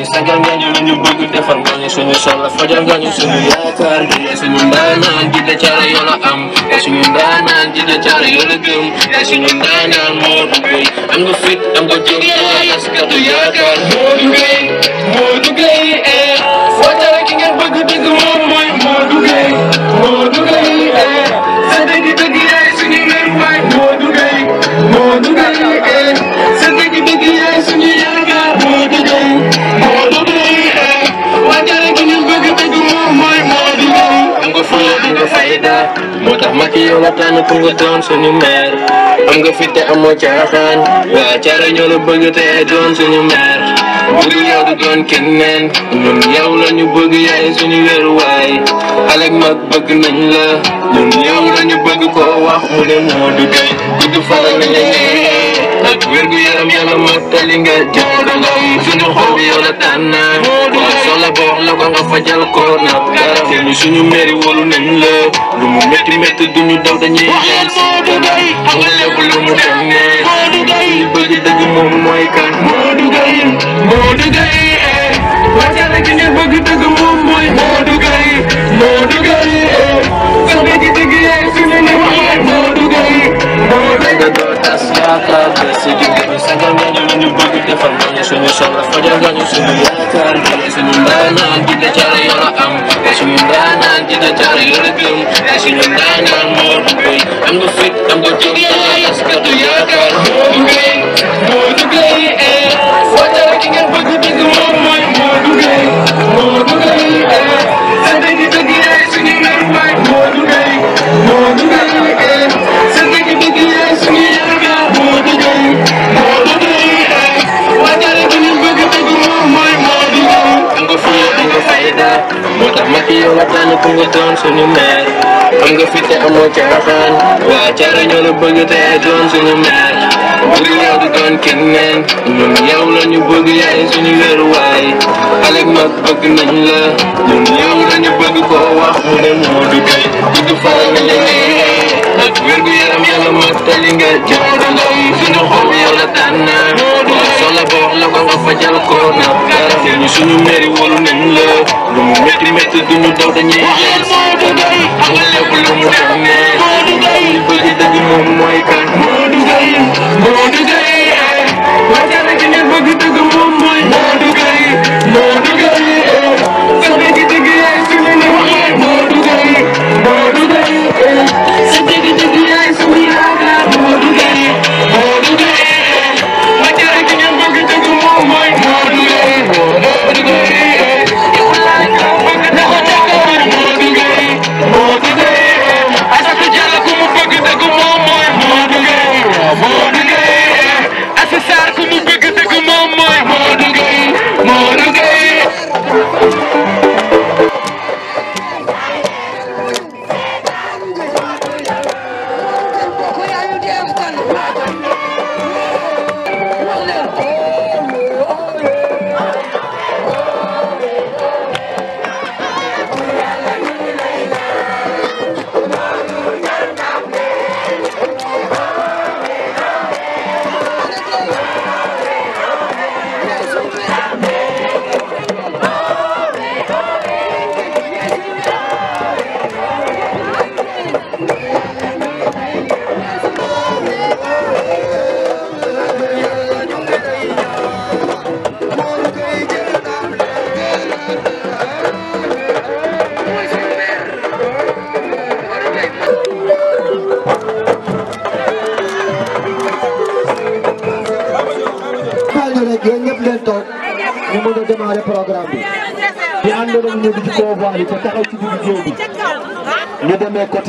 ñu sagal nga ñu lu ñu bëgg defar nga ñu suñu soxla fajal nga ñu suñu yaakaar bi yaay suñu ndaanaan jidda caara yoo la am yaay suñu ndaanaan jidda caara yoo la gëm yaay suñu ndaanaan Modou Gueye am nga fit am nga jëm yaakaar Modou Gueye Modou Gueye candidat moo tax Macky yow la tànn pour nga doon suñu maire am nga fi te amoo caaxaan waa caara ñoo la bëgg te doon suñu maire bu dul yow du doon keneen ñun yow la ñu bëgg yaay suñu wéruwaay xale mag bëgg nañ la ñun yow ñu bëgg koo wax mu ne moo du doy gudd faral nañ la nag wér gu yaram yàlla mottali nga jàngam suñu xob yow la tànn ko soxla boo la ko nga fajal ko nag dara ñu suñu mairie wolu nañ la lu mu métti métti duñu daw dañuy xel si kanam mu lépp lu mu dem ne li bëgg dëgg moom mooy kan Modou Gueye Modou Gueye eh wàccale ki ngeen bëgg dëgg moom mooy Modou Gueye Modou Gueye eh sama gi dëgg yaay suñu ne bëgg doo tas yaakaar ba si di ñu sagal nga ñu ñu bëgg defal nga ñu suñu soxla fajal nga ñu suñu yaakaar bi suñu ndaanaan di dacar yoro am suñu ndaanaan di dacar yoro gëm suñu ndaanaan moo am nga fit yow la a pour nga doon suñu meer am nga fi te amoo caaxaan waa Thiaré ñoo la bëgg te yaay doon suñu meer bëgg yow di doon keneen ñun yow la ñu bëgg yaay suñu wéruwaay alek mag bëgg nañ la ñun yow la ñu bëgg koo wax mu ne moo du tey bëgg faral nga nag wér gu yaram yàlla mottali nga jënd ndaw la ko nga fajal ko nag dara ñu suñu meri la lu mu mu xam ne li bëgg dëgg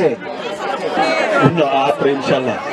आते हैं आपरे इंशाल्लाह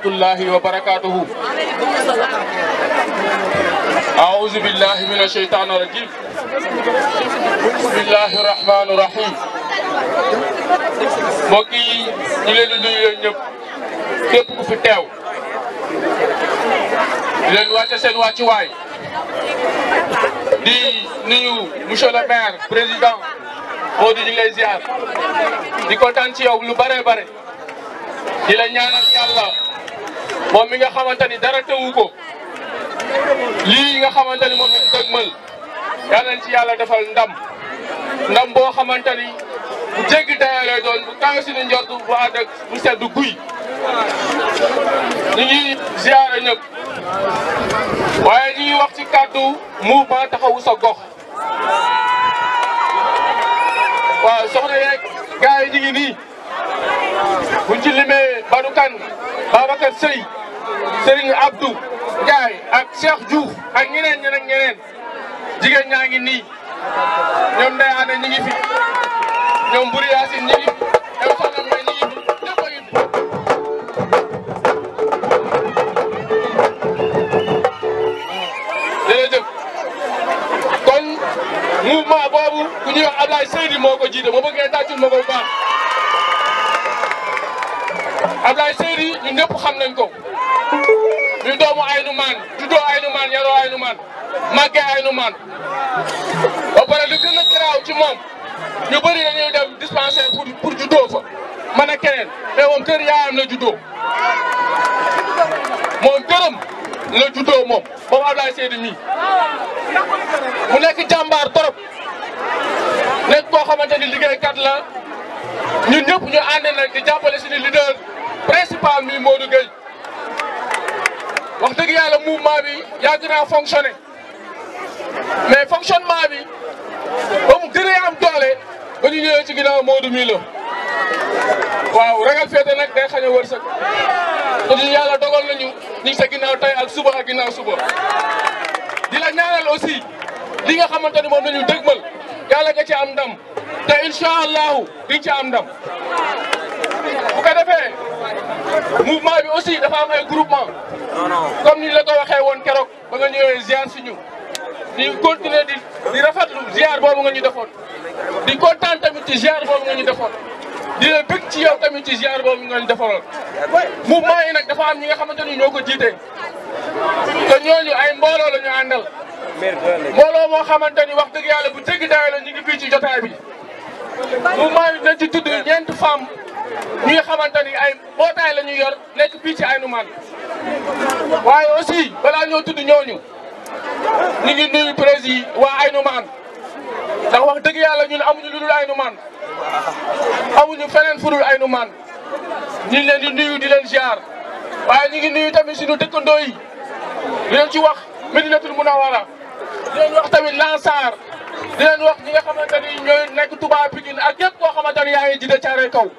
rahmatullahi wa barakatuhu أعوذ بالله من الشيطان الرجيم بسم الله الرحمن الرحيم mbokk yi ñu leen di nuyu yéen ñëpp képp ku fi teew di leen wàcce seen wàccuwaay di nuyu monsieur le maire président Modou ñu ngi lay ziar di kontaan ci yow lu bare bare di la ñaanal moom mi nga xamante ni dara tëwu ko lii nga xamante ni moom lañ dëgmal yal nañ ci yàlla defal ndam ndam boo xamante ni bu jéggi dayoo lay doon bu kawe suñu njort bu ànd sedd guy ñu ngi ziare ñëpp waaye wax ci kàddu mouvement taxawu sa gox waaw soxna yeeg gars yi ñu ngi nii buñ ci Babacar Seye Serigne Abdou Ndiaye ak Cheikh Diouf ak ñeneen ñeneen ñeneen jigéen ñaa ngi nii ñoom Ndeye Ane ñi ngi fi ñoom Buri Yacine ñi ngi fi ñoom Soxna May ñi ngi fi ñëpp a ngi fi. jërëjëf kon mouvement boobu ku ñuy wax Ablaye Seydi moo ko jiite moo bëggee tàccul ma ko bu baax Ablaye Seydi ñun ñëpp xam nañ ko ñu doomu Aynu Maan juddoo Aynu Maan yaroo Aynu Maan màggee Aynu Maan ba pare lu gën a garaaw ci moom ñu bëri dañuy dem dispensaire pour pour juddoo fa man ak keneen mais moom kër yaayam la juddoo moom gërëm la juddoo moom mu nekk jàmbaar torop nekk koo xamante ni liggéeykat la ñun ñëpp ñu ànd nag di jàppale suñu leader principal mi Modou Gueye wax dëgg yàlla mouvement bi yàgg naa fonctionné mais fonctionnement bi ba mu gënee am doole ba ñu ñëwee ci ginnaaw Modou mii la waaw ragal féete nag day xañ a wërsëg te ñu yàlla dogal nañu ñu ngi sa ginnaaw tey ak suba ak ginnaaw suba di la ñaanal aussi li nga xamante ni moom nañu dëgmal yàlla nga ci am ndam te incha allahu di ci am ndam bu ko defee mouvement bi aussi dafa am ay groupement comme ni la ko waxee woon keroog ba nga ñëwee ziar si ñu di continuer di di rafetlu ziar boobu nga ñu defoon di kontaan tamit ci ziar boobu nga ñu defoon di la bëgg ci yow tamit ci ziar boobu nga defoon defaroon mouvement yi nag dafa am ñi nga xamante ni ñoo ko jiite te ñooñu ay mbooloo la ñu àndal mbooloo moo xamante ni wax dëgg yàlla bu jéggi daay la ñu ngi fii ci jotaay bi mouvement bi dina ci tudd ñeent femmes ñi nga xamante ni ay mbootaay lañu ñu yor nekk fii ci Aïnoumane waaye aussi balaa ñoo tudd ñooñu ñu ngi nuyu président waa Aïnoumane ndax wax dëgg yàlla ñun amuñu lu dul Aïnoumane amuñu feneen fu dul Aïnoumane ñu ngi leen di nuyu di leen ziar waaye ñu ngi nuyu tamit suñu dëkkandoo yi di leen ci wax Medinatul Munawara di leen wax tamit Lansar di leen wax ñi nga xamante ni ñooy nekk Touba Pikine ak yëpp koo xamante ni yaa ngi jiite Caaroy kaw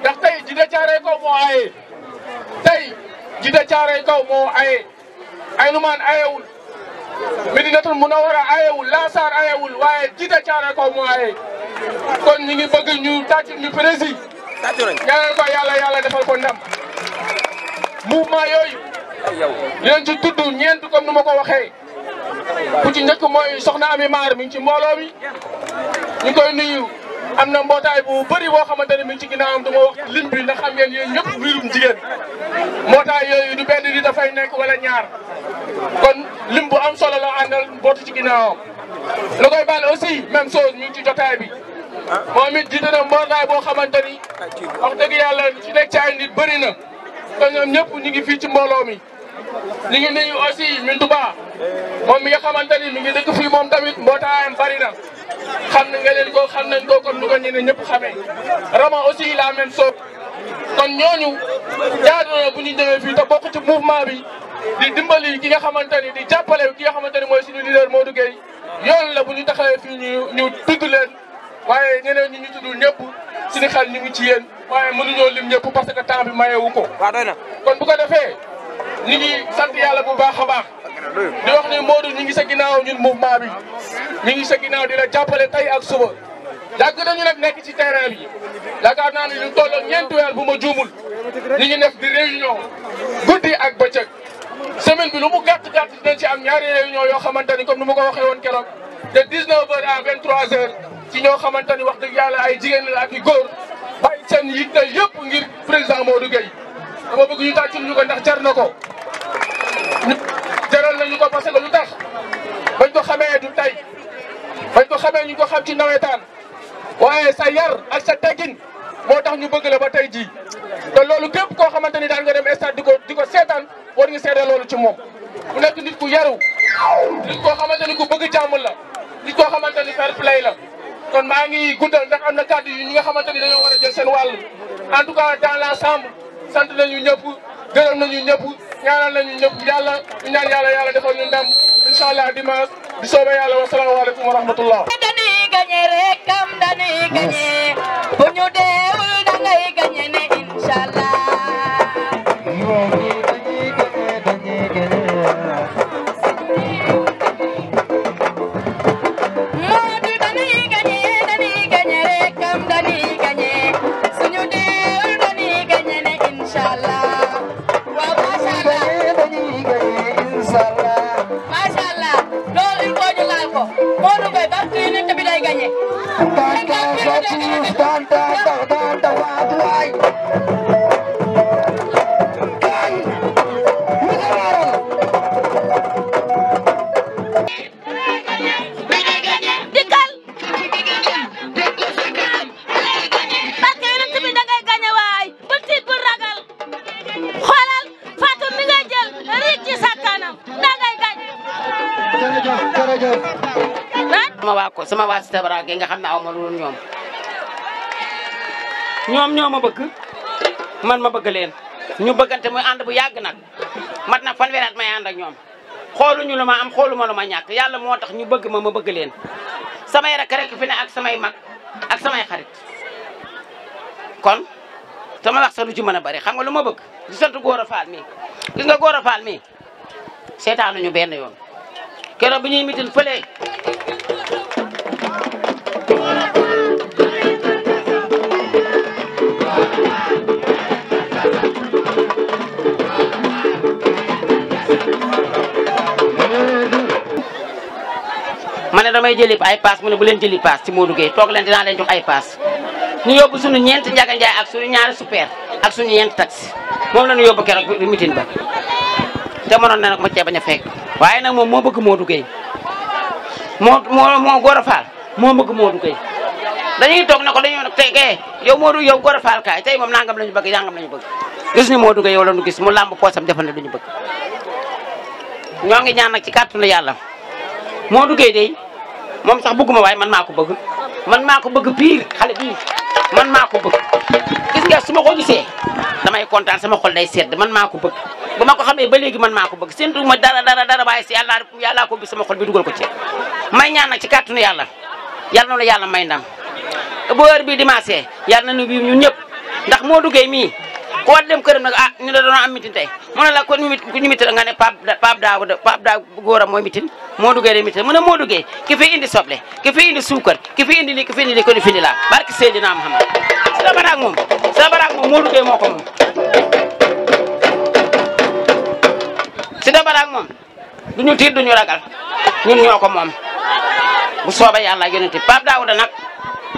ndax tey Djidah Thiaroye Kaw moo aye tey Djidah Thiaroye Kaw moo aye Aynoumane ayewul wul Munawwara ayewul Lansar ayewul waaye Djidah Thiaroye Kaw moo aye kon ñu ngi bëgg ñu tàccul ñu prési ñaanal ko yàlla yàlla defal ko ndam mouvement yooyu leen ci tudd ñeent comme nu ma ko waxee ku ci njëkk mooy soxna Ami Maar mi ci mbooloo mi ñu koy nuyu am na mbootaay bu bëri boo xamante ne mi ngi ci ginnaawam du ma wax lim bi ndax xam ngeen yooyu ñëpp mbirum jigéen mbootaay yooyu du benn di dafay nekk wala ñaar kon lim bu am solo la àndal mbootu ci ginnaawam. la koy baal aussi même chose ñu ci jotaay bi moom it jiite mbootaay boo xamante ni wax dëgg yàlla ci nekk ci ay nit bëri na te ñoom ñëpp ñu ngi fii ci mbooloo mi. ñu ngi nuyu aussi Mintou Ba moom mi nga xamante ni mi ngi dëkk fii moom tamit mbootaayam bëri xam nga leen ko xam nañ ko comme ni ko ñeneen ñëpp xamee Rama aussi la même chose kon ñooñu jaadu na bu ñu ñëwee fii te bokk ci mouvement bi di dimbali ki nga xamante ni di jàppale ki nga xamante ni mooy suñu leader Modou Gueye yoon la bu ñu taxawee fii ñu ñu tudd leen waaye ñeneen ñi ñu tuddul ñëpp suñu xel ñu ngi ci yéen waaye mënuñoo lim ñëpp parce que temps bi mayewu ko. waaw doy na kon ni ko ñu ngi sant yàlla bu baax a baax. di wax ni Modou ñu ngi sa ginnaaw ñun mouvement bi ñu ngi sa ginnaaw di la jàppale tey ak suba yàgg nañu nag nekk ci terrain bi yaakaar naa ne ñu tolloo ñeenti weer bu ma juumul ñu ngi def di réunion guddi ak bëccëg semaine bi lu mu gàtt gàtt dinañ ci am ñaari réunion yoo xamante ni comme ni ma ko waxee woon keroog de 19h à ci ñoo xamante ni wax dëgg yàlla ay jigéen la ak i góor bàyyi seen yitte yëpp ngir président Modou Gueye dama bëgg ñu tàccul ñu ko ndax jar na ko. sa yar ak sa teggin moo tax ñu bëgg la ba tey jii te loolu képp koo xamante ni daan nga dem stade di ko di ko seetaan war nga seede loolu ci moom. mu nekk nit ku yaru nit koo xamante ni ku bëgg jàmm la nit koo xamante ni fair play la kon maa ngi guddal ndax am na kàddu yu ñi nga xamante ni dañoo war a jël seen wàll en tout laa dans l'ensemble sant nañu ñëpp na ñu ñëpp ñaanal nañu ñëpp yàlla ñu ñaan yàlla yàlla defal ñu ndam incha allah dimanche bi soobee yàlla wasalaamaaleykum wa rahmatullah dañuy gagné ñoom ñoo ma bëgg man ma bëgg leen ñu bëggante muy ànd bu yàgg nag mat na fan at may ànd ak ñoom xooluñu lu ma am xooluma lu ma ñàkk yàlla moo tax ñu bëgg ma ma bëgg leen samay rakk rek fi ak samay mag ak samay xarit kon sama wax sax lu ci mën a bari xam nga lu ma bëgg di sant Gora Fall mii gis nga Gora Fall mii seetaanuñu benn yoon keroog bi ñuy fële ne damay jëli ay paas mu ne bu leen jëli paas ci Modou Gueye toog leen dinaa leen jox ay paas ñu yóbbu suñu ñeenti Njaga Njaay ak suñu ñaari super ak suñu ñeenti taxi moom la ñu yóbbu keroog bi mitin ba te mënoon na nag ma cee bañ a fekk waaye nag moom moo bëgg Modou Gueye moo moo moo Gora Fall moo bëgg Modou Gueye dañuy toog ne ko dañoo nag tey kay yow Modou yow Gora Fall kaay tey moom nangam la bëgg nangam la bëgg gis ñu Modou Gueye yow la gis mu làmb poosam defal ne du ñu bëgg ñoo ngi ñaan nag ci kàttanu yàlla Modou Gueye day moom sax ma waaye man maa ko bëgg man maa ko bëgg pire xale bii man maa ko bëgg gis nga su ma ko gisee damay kontaan sama xol day sedd man maa ko bëgg bu ma ko xamee ba léegi man maa ko bëgg séntu ma dara dara dara waaye si yàlla yàllaa ko bi sama xol bi dugal ko ci may ñaan nag ci kàttanu yàlla yàlla noonu yàlla may ndam bu heure bii dimanche yàlla na nu bi ñun ñëpp ndax moo duggee mii ku war dem kër nag a ah, ñu la doon mitin tey mu ne la ko ñu mitin nga ne Pape Pape Daouda Pape Daouda góoram mooy mitin moo duggee de mitin mu ne moo duggee ki fi indi soble ki fi indi suukar ki fi indi li ki fi indi li ko di fi indi laa barki baraag moom sa baraag moom moo duggee moo ko baraag moom du ñu tiit du ñu ragal ñun ñoo ko moom bu soobee yàlla yonent bi Pape Daouda nag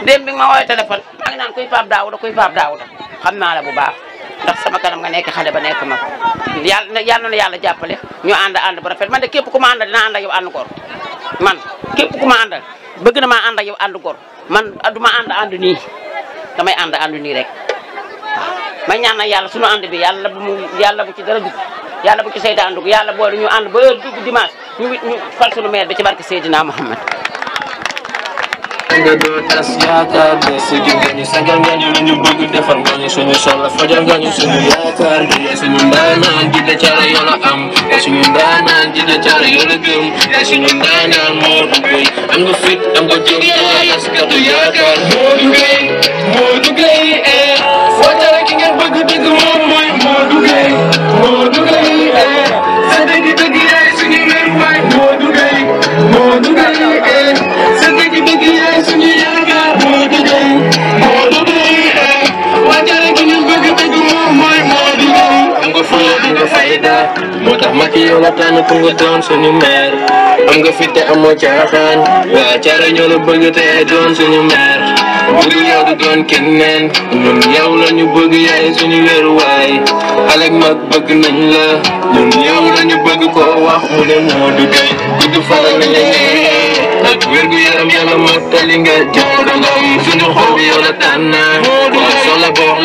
démb bi ma woowee téléphone ak naan kuy Pape Daouda kuy Pape Daouda xam naa la bu baax ndax sama kanam nga nekk xale ba nekk mag yàlla yàlla na yàlla jàppale ñu ànd ànd bu rafet man de képp ku ma àndal dinaa ànd ak yow ànd gor man képp ku ma àndal bëgg na maa ànd ak yow ànd man du ma ànd ànd nii damay ànd ànd nii rek ma ñaan na yàlla sunu ànd bi yàlla bu mu yàlla bu ci dara dugg yàlla bu ci seytaan dugg yàlla boole ñu ànd ba heure dugg dimanche ñu fal sunu maire bi ci barke Seydina Mouhamad nga doo ñu suñu soxla a nga ñu suñu yaakaar bi yaa suñu ndaanaan di de cara yoo la am yaa suñu ndaanaan di de cara yoo la gëm yaa suñu ndaanaan moo duggay am nga fit am nga jom te yaakaar moo duggay moo duggay eh. candidat moo tax Macky yow la tànn pour nga doon suñu maire am nga fi te amoo caaxaan waa caara ñoo la bëgg te doon suñu maire bëgg yow du doon keneen ñun yow la ñu bëgg yaay suñu wéruwaay xale ak mag bëgg nañ la ñun yow la ñu bëgg koo wax mu ne moo du doy gudd faral nañ la ak wér gu yaram yàlla mottali nga jëpp dangam suñu xol bi yow la tànn la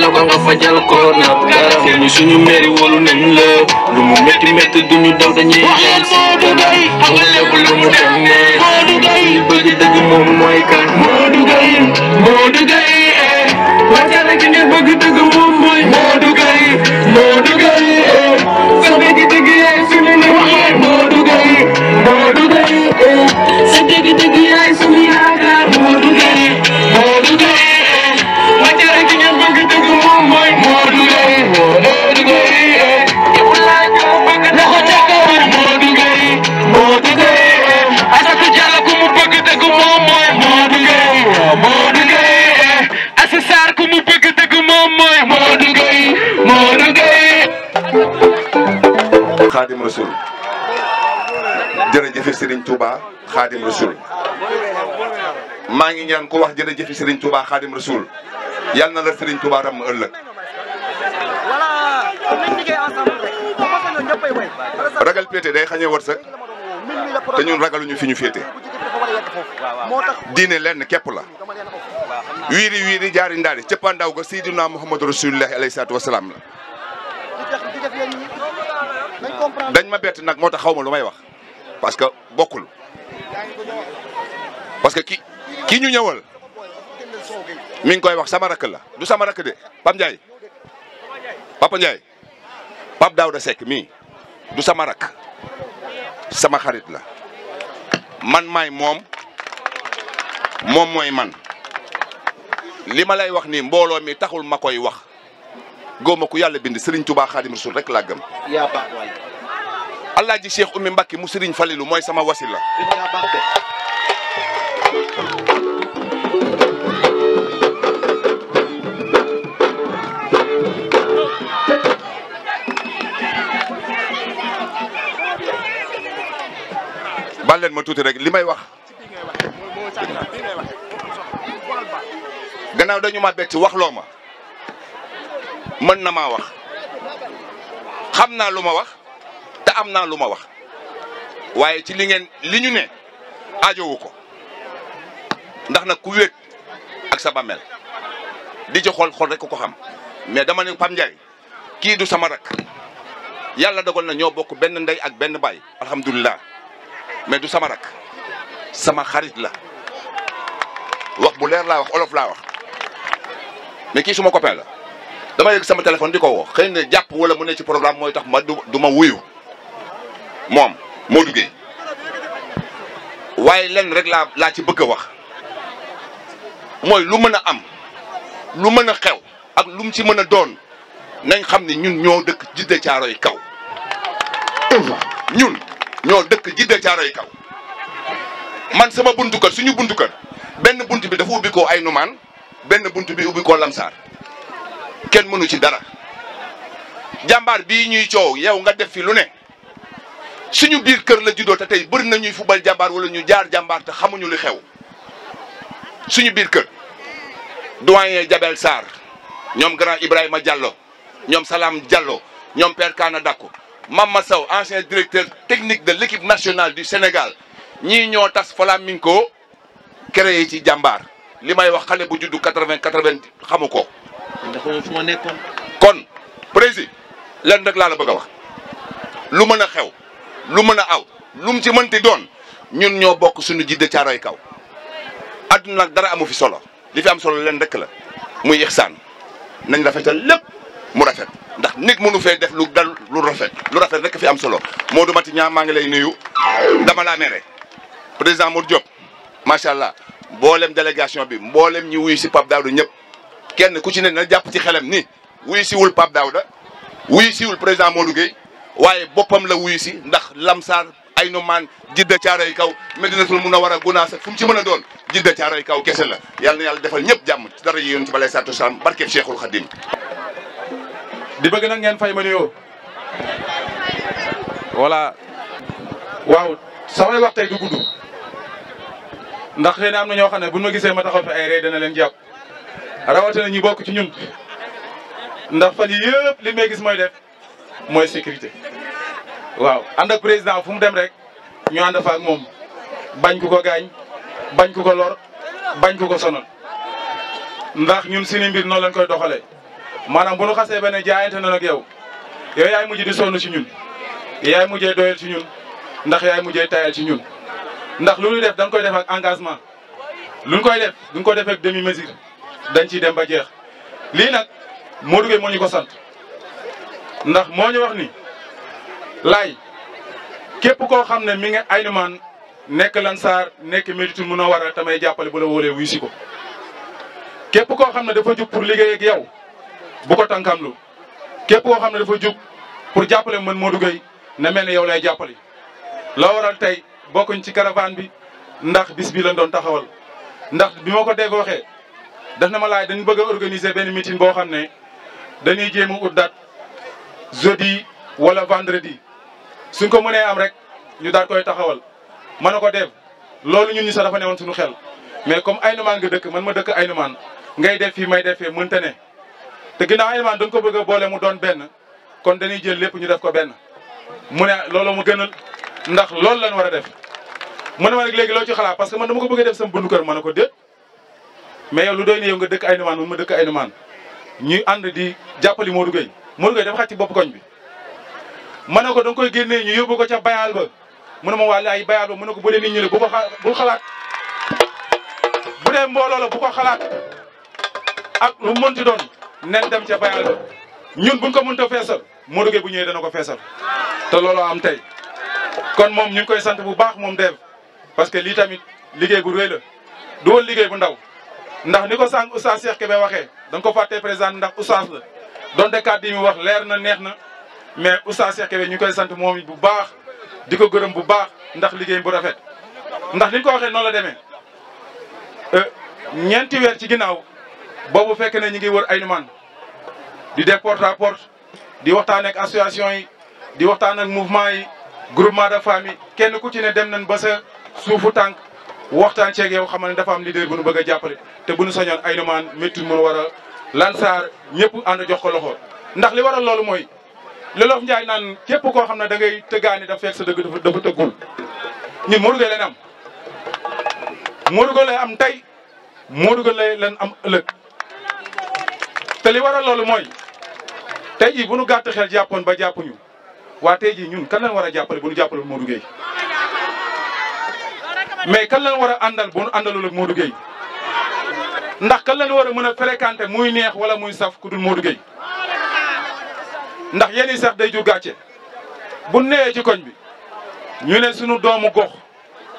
ko nga fajal ko na dara ñu suñu mairie wóolu nañ la lu mu métti métti duñu daw dañuy xel si dara xam nga lu mu demee bëgg dëgg moom mooy kan Modou Gueye Rasul jërëjëf Serigne Touba Xaadim Rasul maa ngi ñaan ko wax jërëjëf Serigne Touba Xaadim Rasul yal na la Serigne Touba ram ëllëg. ragal péete day xañee wërsëg te ñun ragaluñu fi ñu féete diine lenn képp la wiiri wiiri jaari ndaari cëppaandaaw ga Seydina Muhammadu Rasulullahi alayhi salaatu wasalaam la dañ ma bett nag moo tax xaw ma lu may wax parce que bokkul parce que ki ñu ñëwal mi ngi koy wax sama rakk la du sama rakk de Pape Ndiaye Papa Ndiaye da Daouda mii du sama rakk sama xarit la man may moom moom mooy man li ma lay wax nii mbooloo mi taxul ma koy wax góoma ku yàlla bind Serigne Touba Khadim Rasoul rek laa gëm. Alaaji Cheikh Oumy Mbacké mu Serigne Falilou mooy sama wasila baal leen ma tuuti rek li may wax gannaaw dañu ma bett wax ma mën na maa wax xam naa lu ma wax am naa lu ma wax waaye ci li ngeen li ñu ne ajowu ko ndax nag ku wéet ak sa bàmmeel di ci xool xool rek ko xam mais dama ne Pape Ndiaye kii du sama rak yàlla dogal na ñoo bokk benn ndey ak benn baay alhamdulilah mais du sama rak sama xarit la wax bu leer laa wax olof laa wax mais kii suma copain la dama yëg sama téléphone di ko woo xëy na jàpp wala mu ne ci programme mooy tax ma du ma wuyu moom Modou Gueye waaye lenn rek laa laa ci bëgg wax mooy lu mën a am lu mën a xew ak lu mu ci mën a doon nañ xam ni ñun ñoo dëkk jidda caaroy kaw ñun ñoo dëkk jidda caaroy kaw man sama buntu suñu buntu kër benn bunt bi dafa ubbi koo ay numaan benn buntu bi ubbi koo lamsaar kenn mënu ci dara jàmbaar bi ñuy coow yow nga def fi lu ne suñu biir kër la juddoo te tey bëri nañuy ñuy fubal jàmbaar walla ñu jaar jàmbaar te xamuñu li xew suñu biir kër doyen Jabel Sarr ñoom grand Ibrahima Diallo ñoom Salam Diallo ñoom Père Kana Dako ma sew ancien directeur technique de l' équipe nationale du Sénégal ñii ñoo tas Flamingo yi ci jàmbaar li may wax xale bu juddu quatre vingt quatre xamu ko. fu ma kon président lenn rek laa la bëgg a wax lu mën a xew. lu mën a aw lu mu ci mënti doon ñun ñoo bokk suñu jidde caaroy kaw adduna nag dara amu fi solo li fi am solo leen rek la muy ixsaan nañ rafetal lépp mu rafet ndax nit mënu fee def lu dal lu rafet lu rafet rek fi am solo Modou Mati ñaa maa ngi lay nuyu dama laa mere président Modou Diop macha allah mboolem délégation bi mboolem ñi wuyu si Pape Daouda ñëpp kenn ku ci ne na jàpp ci xelam ni wuyu siwul Pape Daouda wuyu siwul président moo Gueye waaye boppam la wuyu si ndax lamsaar ay nu maan jidda caaray kaw medinatul a gunaas fu mu ci mën a doon jidda caaray kaw kese la yàlla na yàlla defal ñëpp jàmm ci dara yi yoon ci balay saatu salaam barkeb cheikhul di bëgg nag ngeen fay ma nuyoo voilà waaw samay wax tey du gudd ndax xëy na am na ñoo xam ne buñ ma gisee ma taxaw fi ay rey dana leen jàpp rawatina ñi bokk ci ñun ndax fan yii yëpp may gis mooy de mooy sécurité waaw ànd président fu mu dem rek ñu ànd fa ak moom bañ ku ko gaañ bañ ku ko lor bañ ku ko sonal ndax ñun suñu mbir noonu lañ koy doxalee maanaam bu nu xasee ba ne na nag yow yow yaay mujj di sonn ci ñun yaay mujjee doyal ci ñun ndax yaay mujjee tayal ci ñun ndax lu ñu def dañ koy def ak engagement luñ koy def duñ ko def ak demi mesure dañ ciy dem ba jeex lii nag moo duggee moo ñu ko sant ndax moo ñu wax ni laay képp koo xam ne mi nga Aylimane nekk lan Lansar nekk Médinatul Munawwara tamay jàppale bu la wóolee wuyu si ko képp koo xam ne dafa jub pour liggéey ak yow bu ko tànkamlu képp koo xam ne dafa jub pour jàppale man Modou Gueye na mel ne yow lay jàppale la waral tey bokkuñ ci caravane bi ndax bis bi lañ doon taxawal ndax bi ma ko dégg waxee daf na ma laaj dañ bëgg a organiser benn mitin boo xam ne dañuy jéem a ut date jeudi wala vendredi suñ ko mënee am rek ñu daal koy taxawal mën na ko def loolu ñun ñu sax dafa newoon suñu xel mais comme Aynoumane nga dëkk man ma dëkk ay Aynoumane ngay def fii may defee fee mënta ne te ginnaaw Aynoumane da nga ko bëgg boole mu doon benn kon dañuy jël lépp ñu def ko benn mu ne loolu mu gënal ndax loolu lañ war a def mu ne ma nag léegi loo ci xalaat parce que man dama ko bëgg a def sama bundu kër ma dëkk Aynoumane man ma ñuy ànd di jàppali Modou Gueye Modou Gueye dafa ci bopp koñ bi ma ne ko da nga koy génnee ñu yóbbu ko ca bayaal ba mu ne ma waa laay bayaal ba mu ne ko bu dee nit ñi la bu ko bul xalaat bu dee mbooloo la bu ko xalaat ak lu mënti doon nen dem ca bayaal ba ñun buñ ko mënta feesal Modou Gueye bu ñëwee dana ko feesal te looloo am tey kon moom ñu koy sant bu baax moom dev parce que lii tamit liggéey bu rëy la du woon liggéey bu ndaw ndax ni ko sànq Oustaz Cheikh Kébé waxee da nga ko président ndax oustaz la donte kàddu yi mu wax leer na neex na mais oustaz Cheikh Kébé ñu koy sant moom bu baax di ko gërëm bu baax ndax liggéey bu rafet ndax ni ñu ko waxee noonu la demee euh, ñeenti weer ci ginnaaw boobu fekk ne ñu ngi wër ay numaan di def porte à di waxtaan ak yi di waxtaan ak mouvement yi groupement de famille kenn ku ci ne dem nañ ba sa suufu tànk waxtaan ceeg yow xamal ne dafa am leader bu nu bëgg a jàppale te bu nu sañoon ay numaan métti mu war a lansaar ñëpp ànd jox ko loxo ndax li wara loolu mooy lolof njaay naan képp koo xam ne dangay ngay tëggaani dafa fekk sa dëgg dafa dafa tëggul ñun Modou Gueye leen am Modou Gueye leen am tey Modou Gueye leen am ëllëg te li waral loolu mooy tey jii bu nu gàtt xel jàppoon ba jàppuñu waa tey jii ñun kan lañ war a jàppale bu nu jàppale Modou Gueye mais kan lañ war a àndal bu nu àndalul ak ndax kan lañ war a mën a fréquenter muy neex wala muy saf ku dul Modou Gueye ndax yéen sax day jur gàcce bu newee ci koñ bi ñu ne sunu doomu gox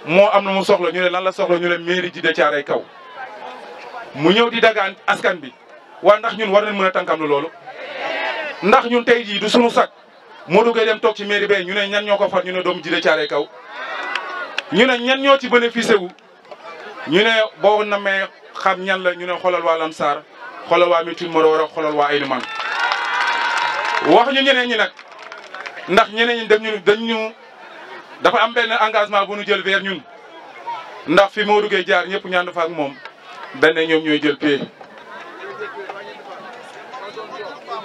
moo am na mu soxla ñu ne lan la soxla ñu ne mairie ji de caaray kaw mu ñëw di dagaan askan bi waa ndax ñun war nañ mën a tànkam lu loolu ndax ñun tey jii du sunu sag Modou Gueye dem toog ci mairie bee ñu ne ñan ñoo ko far ñu ne doomu ji de caaray kaw ñu ne ñan ñoo ci bénéficié wu ñu ne boo namee xam ñan la ñu ne xoolal waa Lamsaar xoolal waa Médina Mororo xoolal waa Aïnoumane wax ñu ñeneen ñi nag ndax ñeneen ñi dañ ñu dañ ñu dafa am benn engagement bu ñu jël vers ñun ndax fi Modou Gueye jaar ñëpp ñaan fa moom benn ñoom ñooy jël pay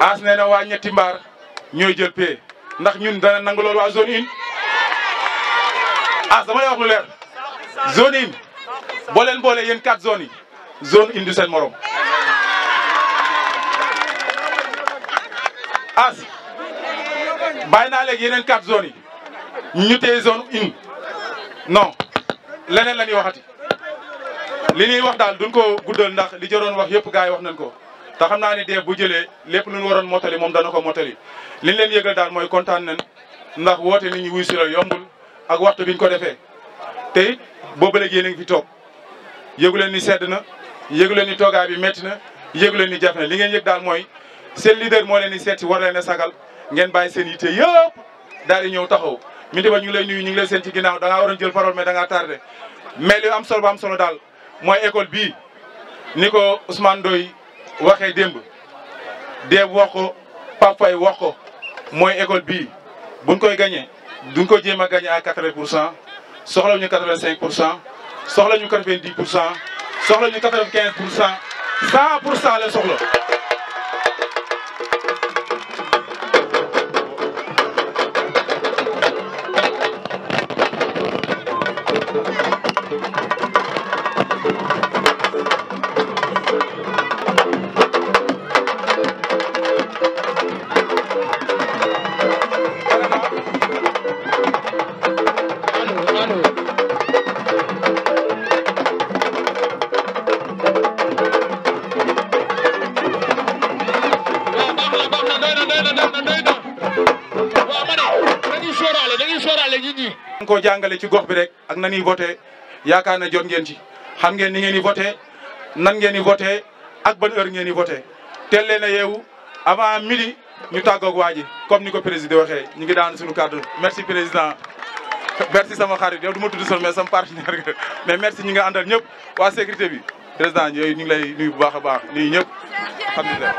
as nee na waa ñetti mbaar ñooy jël pay ndax ñun dana nangu lool waa zone une ah dama lay lu leer zone yi boo leen boolee yéen quatre zones yi zone une du seen morom. as bàyyi naa léegi yeneen quatre zones yi ñu téye zone une non leneen la ñuy waxati li ñuy wax daal duñ ko guddal ndax li jaroon wax yëpp gars yi wax nañ ko te xam naa ne def bu jëlee lépp lu ñu waroon mottali moom dana ko mottali li ñu leen yëgal daal mooy kontaan nañ ndax woote nit ñi wuy si la yombul ak waxtu biñ ko defee te boo boobu léegi yéen a ngi fi toog yëgu leen ni sedd na yëgu leen ni toogaay bi métti na yëgu leen ni jafe li ngeen yëg daal mooy seen leader moo leen di seeti war leen a sagal ngeen bàyyi seen yitte yëpp daal di ñëw taxaw. Minthiou Ba ñu ngi lay nuyu ñu ngi lay seen ci ginnaaw da ngaa waroon jël parole mais da ngaa tardé mais li am solo ba am solo daal mooy école bii ni ko Ousmane Ndoye waxee démb déeb wax ko Pape Faye wax mooy école bii buñ koy gagné. duñ ko jéem a gagné à quatre vingt pour cent soxla ñu quatre vingt cinq cent soxla ñu quatre vingt dix pour cent soxla ñu quatre vingt quinze cent cent pour cent la soxla. jàngale ci gox bi rek ak na ñuy voté na jot ngeen ci xam ngeen ni ngeen di voté nan ngeen di voté ak ban heure ngeen di voté teel leen a yeewu avant midi ñu tàggoog waa ji comme ni ko président waxee ñu ngi daan suñu kàddu merci président merci sama xarit yow du ma tudd sol mais sama partenaire nga mais merci ñi nga àndal ñëpp waa sécurité bi président yooyu ñu ngi lay nuyu bu baax a baax nuyu ñëpp alhamdulilah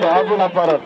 Maïda a vous la parole.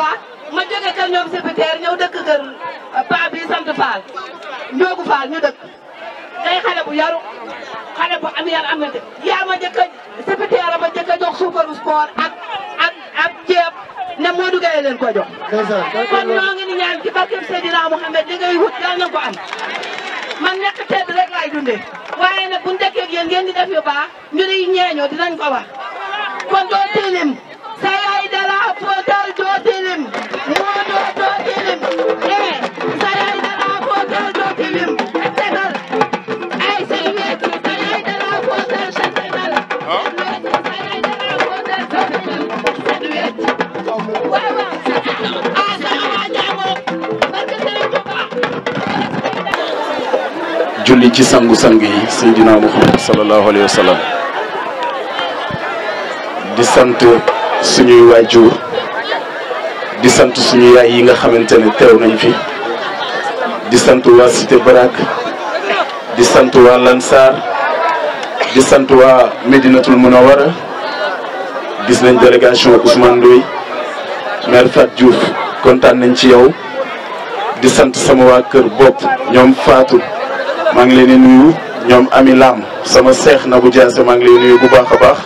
baax ma jóge kër ñoom sépitaire ñëw dëkk kër euh, paa bi sant Fall Ndiogu Fall ñu dëkk day xale bu yaru xale bu am yar am na de yaa ma jëkk a sépitaire ma jëkk a jox suukaru sport ak ak ak ceeb ne moo duggee leen ko jox kon ñoo ngi ni ñaan ci barkeb Seydina Mouhamed li ngay wut yàlla na ko am man nekk tedd rek laay dundee waaye nag bu ñu dëkkee di def yu baax ñu di ñeeñoo dinañ ko wax kon doo tilim julli ci sangu sang yi Seydina Muhammad sallallahu alayhi wa sallam di sant suñuy waajur di sant suñu yaay yi nga xamante ne teew nañ fi di sant waa Cité Barak di sant waa Lansar di sant waa Médinatul Munawara gis nañ délégation Ousmane Ndoye maire Fatou kontaan nañ ci yow di sant sama waa kër bopp ñoom faatu maa ngi leen di ñoom Ami Lam sama seex na bu jaase maa leen nuyu bu baax a baax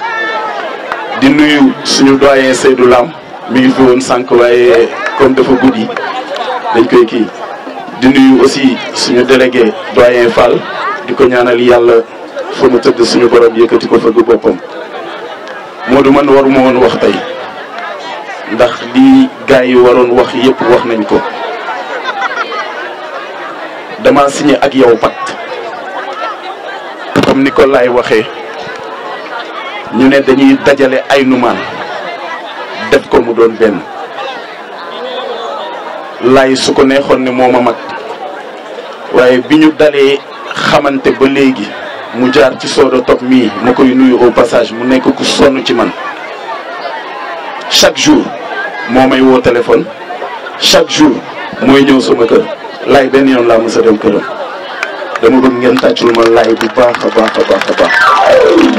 di nuyu suñu doyen Seydou Lam mu ngi fi woon sànq waaye comme dafa guddi dañ koy kii di nuyu aussi suñu délégué doyen Fall di ko ñaanal yàlla fa mu tëdd suñu borom yëkkati ko fëgg boppam moo du man waruma woon wax tey ndax li gars yi waroon wax yëpp wax nañ ko dama signé ak yow pat comme ni ko lay waxee ñu ne dañuy dajale ay numaan def ko mu doon benn lay su ko neexoon ne moom a mag waaye bi ñu dalee xamante ba léegi mu jaar ci soodo top mii ma koy nuyu au passage mu nekk ku sonn ci man chaque jour moo may woo téléphone chaque jour mooy ñëw sama kër laay benn yoon laa mës a dem këram dama bëgg ngeen tàccul ma laay bu baax baax baax baax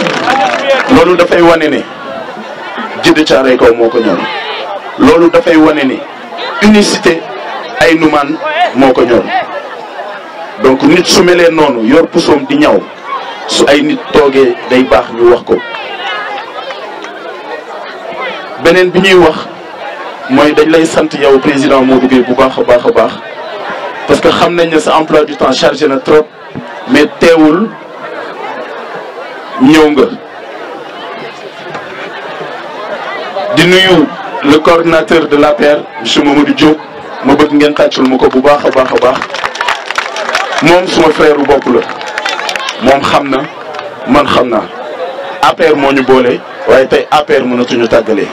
loolu dafay wane ne Djiddah Thiaroye Kaw moo ko ñor loolu dafay wane ne unicité ay numaan moo ko ñor donc nit su melee noonu yor pusoom di ñaw su ay nit toogee day baax ñu wax ko beneen bi ñuy wax mooy dañ lay sant yow président Modou Gueye bu baax a baax a baax parce que xam nañ ne sa emploi du temps chargé na trop mais teewul ñëw nga di nuyu le coordinateur de l'APR monsieur Mamadou Diop ma bëgg ngeen tàccul ma ko bu baax a baax a baax moom suma frère bu bopp la moom xam na man xam naa APR moo ñu boole waaye tey APR mënatuñu tàggalee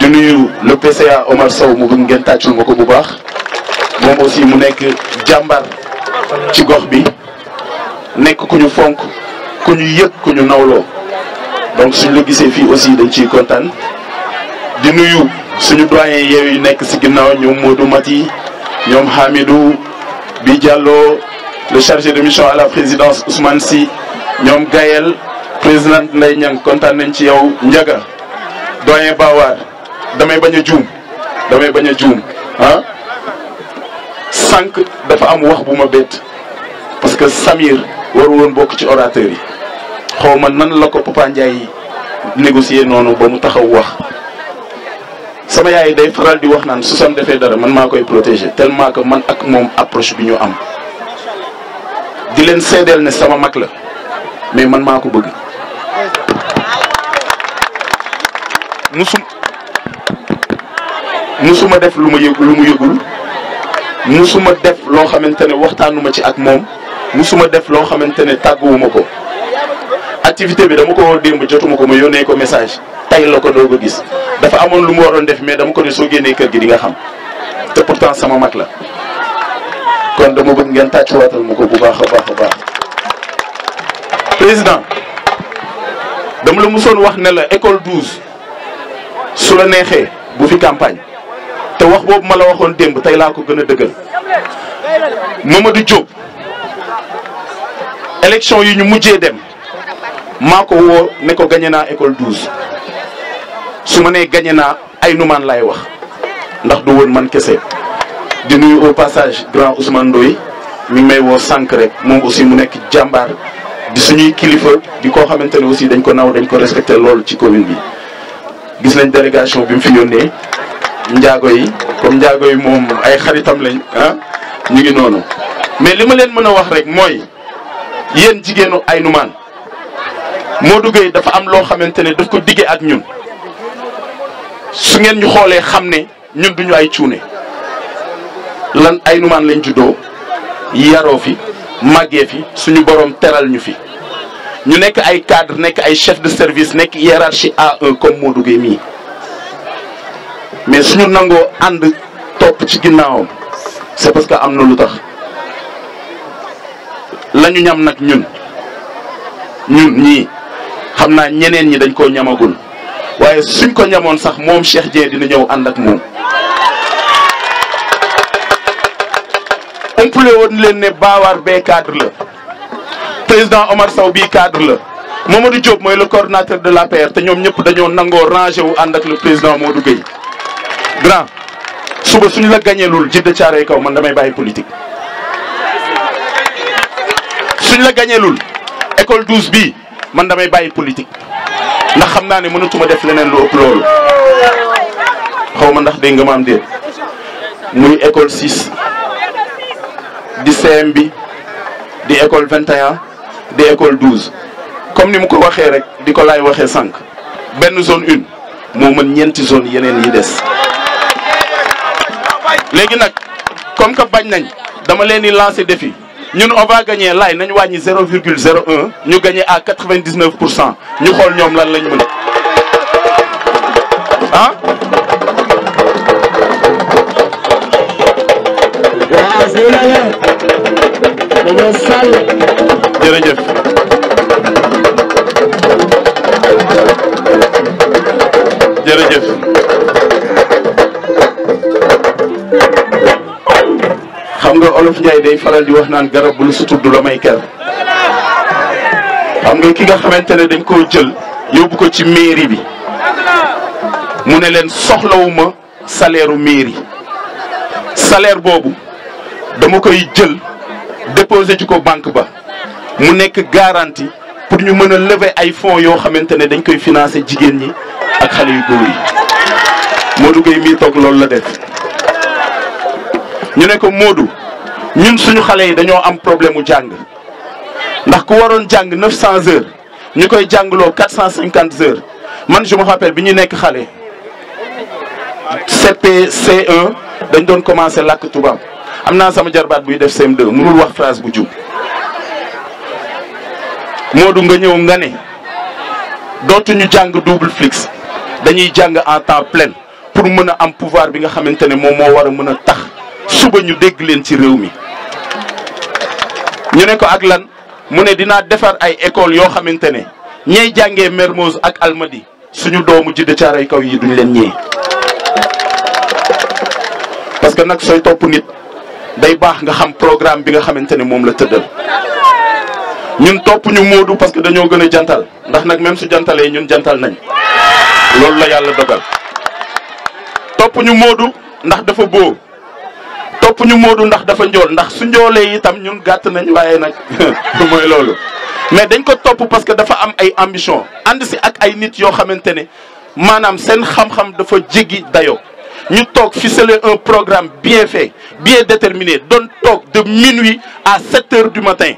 di nuyu le PCA Omar Sow ma bëgg ngeen tàccul ma ko bu baax moom aussi mu nekk jàmbar ci gox bi nekk ku ñu fonk ku ñu yëg ku ñu nawloo donc suñ la gisee fii aussi dañ ciy kontaan di nuyu suñu doyen yeew yu nekk si ginnaaw ñoom Modou Mati ñoom Hamidou bi jàlloo le chargé de mission à la présidence Ousmane si ñoom Gayel président Ndeye Niang kontaan nañ ci yow njaga doyen Bawar damay bañ a juum damay bañ a juum ah sànq dafa am wax bu ma bett parce que Samir waru woon bokk ci orateur yi xaw ma nan la ko Papa Ndiaye négocier noonu ba mu taxaw wax sama yaay day faral di wax naan su seen defee dara man maa koy protéger tellement que man ak moom approche bi ñu am di leen seedeel ne sama mag la mais man maa ko bëgg musum musuma def lu ma yëg lu mu yëgul musuma def loo xamante ne waxtaanuma ci ak moom musuma def loo xamante ne tàgguwuma ko activité bi dama ko démb jotuma ko ma yónnee ko message tey la ko doo a gis dafa amoon lu mu waroon def mais dama ko ne soo génnee kër gi di nga xam te pourtant sama mag la kon dama bëgg ngeen tàccuwaatal ma ko bu baax a baax a baax président dama la musoon wax ne la école 12 su la neexee bu fi campagne te wax boobu ma la waxoon démb tey laa ko gën a dëggal Mamadou Diop élection yi ñu mujjee dem maa ko woo ne ko gañe naa école douze su ma nee gañe naa ay numaan laay wax ndax du woon man kese di nuyu au passage grand Ousmane Ndoye mi may woo sànq rek moom aussi mu nekk jàmbaar di suñuy kilifa di koo xamante ne aussi dañ ko naw dañ ko respecté loolu ci commune bi gis nañ délégation bi mu fi yónnee njaago yi comme njaago yi moom ay xaritam lañ ah ñu ngi noonu mais li ma leen mën a wax rek mooy yéen jigéenu ay numaan Modou Gueye dafa am loo xamante ne daf ko diggee ak ñun su ngeen ñu xoolee xam ne ñun duñu ay cuune lan ay numaan lañ juddoo yaroo fi màggee fi suñu boroom teral ñu fi ñu nekk ay cadre nekk ay chef de service nekk hiérarchie A1 comme Modou Gueye mii mais suñu nangoo ànd topp ci ginnaawam c'est parce que am na lu tax lañu ñam nag ñun ñun ñii xam naa ñeneen ñi dañ koo ñamagul waaye suñ ko ñamoon sax moom Cheikh Dieng dina ñëw ànd ak moom. umpule leen ne baawaar bee cadre la président Omar saw bii cadre la Mamadou Diop mooy le coordonnateur de la l'APR te ñoom ñëpp dañoo nangoo rangé wu ànd ak le président Modou Gueye grand suba suñ la gañeelul jidda caaree kaw man damay bàyyi politique. suñ la gañeelul école douze bii. man damay bàyyi politique ndax xam naa ne mënatuma def leneen lu ëpp loolu xaw ma ndax dégg nga ma am déet muy école 6 di CM bi di école 21 di école 12 comme ni mu ko waxee rek di ko laay waxee sànq benn zone une moo mën ñeenti zone yeneen yi des léegi nag comme que bañ nañ dama leen di lancer défi ñun on va gagner laay nañ wàññi zéro virgule zéro un ñu gagner à quatre vingt dix neuf pour cent ñu xool ñoom lan lañ mën ah. jërëjëf. xam nga olof Njaay day faral di wax naan garab bu lu si tudd la ker xam nga ki nga xamante ne dañ koo jël yóbbu ko ci mairie bi mu ne leen soxlawuma salaire u mairie boobu dama koy jël déposé ci ko banque ba mu nekk garantie pour ñu mën a lever ay fonds yoo xamante ne dañ koy financer jigéen ñi ak xale yu góor yi Modou Gueye mii toog loolu la def ñu ne ko Modou ñun suñu xale yi dañoo am problème mu jàng ndax ku waroon jàng 900 heures ñu koy jàngloo 450 heures man je me bi ñu nekk xale. CP C1 dañ doon commencé làkk tubaab am naa sama jarbaat buy def CM2 mënul wax phrase bu jub Modou nga ñëw nga ne dootuñu jàng double flux dañuy jàng en temps plein pour mën a am pouvoir bi nga xamante ne moom moo war a mën a tax. suba ñu dégg leen ci réew mi ñu ne ko ak lan mu ne dinaa defar ay école yoo xamante ne ñey jàngee Mermoz ak Almadi suñu doomu jidde caaray kaw yi duñ leen ñee parce que nag sooy topp nit day baax nga xam programme bi nga xamante ne moom la tëddal ñun topp ñu Modou parce que dañoo gën a jantal ndax nag même su jantalee ñun jantal nañ loolu la yàlla dogal topp ñu Modou ndax dafa boo ëpp ñu Modou ndax dafa njool ndax su njoolee itam ñun gàtt nañ waaye nag mooy loolu. mais dañ ko topp parce que dafa am ay ambition ànd si ak ay nit yoo xamante ne maanaam seen xam-xam dafa jéggi dayo ñu toog ficeler un programme bien fait bien déterminé doon toog de minuit à sept heures du matin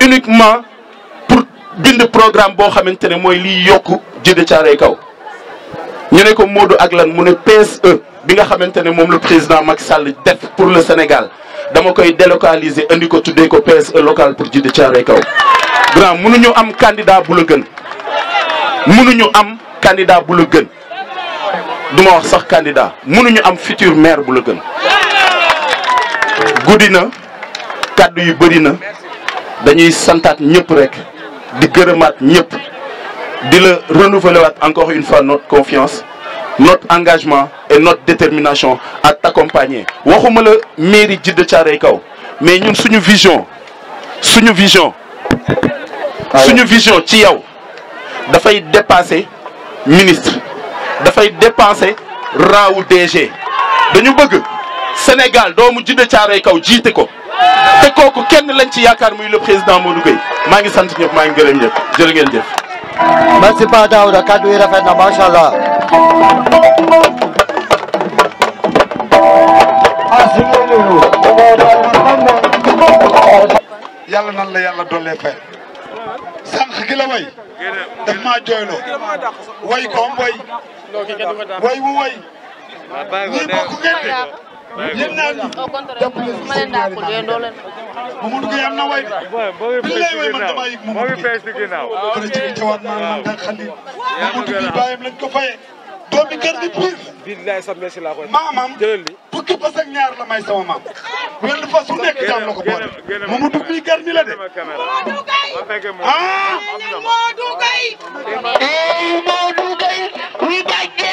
uniquement pour bind programme boo xamante ne mooy liy yokk Djidah Thiaroye Kaw ñu ne ko Modou ak lan mu ne PSE. bi nga xamante ne moom la président mag Sall def pour le Sénégal dama koy délocaliser indi ko tuddee ko PSE local pour Djidah Thiaroye Kaw. grand mënuñu am candidat bu la gën mënuñu am candidat bu la gën duma wax sax candidat mënuñu am futur maire bu la gën. guddi na kàddu yu bëri na dañuy santaat ñëpp rek di gërëmaat ñëpp di la renouveler waat encore une fois notre confiance. notre engagement et notre détermination à t'accompagner waxuma la mairie Djiddah Thiaroye Kaw mais ñun suñu vision suñu vision ah ñu vision ci yow dafay dépasser ministre dafay dépasser raawu DG dañu bëgg Sénégal doomu Djiddah Thiaroye Kaw jiite ko te kooku kenn lañ ci yaakaar muy le président Modou Gueye maa ngi sant ñëpp maa ngi gërëm ñëpp jërë ngeen jëf merci Pa Daouda kaddu yi rafet na allah yàlla nan la yàlla dollee fay sànq gi la way daf maa jooyloo way koom way way wu way ñii bokk ngeen de yéen naa ni jàpp leen si seen ñaari naan Mamadou Gueye am na way de bi lay way man damaa yëg Mamadou Gueye. kon ci biir jawaat naa man daan xam ni Mamadou Gueye bàyyam lañ ko fayee. doomi kër gi piir la. billaay sa messi laa koy maamam fukki fas ak ñaar la may sama maam. wenn fas su nekk jaam la ko boole. Mamadou mii gar mi la de. ah. Mamadou Gueye. Mamadou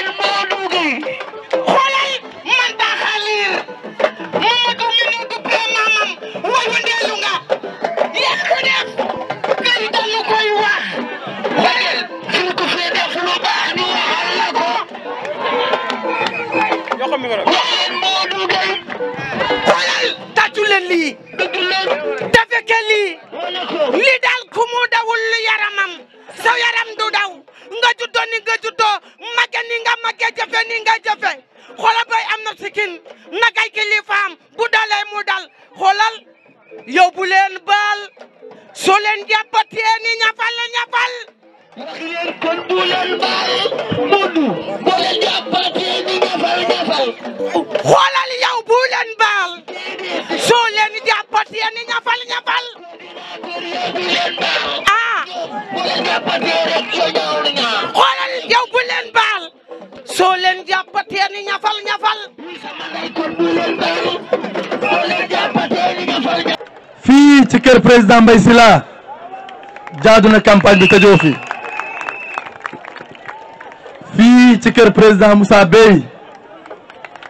mi waral. tàccu leen lii. dafa ke lii. li daal ku dawul yaramam. sa yaram du daw. nga ni nga juddoo màgge ni nga màgge jafe xoolal bay am na sikin nagay kilifaam bu dalee mu dal xoolal yóbbu baal soo leen jàppatee ni ñafal ñafal. wax leen kon bu leen bàyyi Modou boo leen jàppatee ñu ñafal ñafal xoolal yow bu leen baal soo leen jàppatee ni ñafal ñafal ah xoolal yow bu leen baal soo leen jàppatee ni ñafal ñafal fii ci kër président Mbaye Sylla jaadu na campagne bi tëjoo fi fii ci kër président Moussa Bey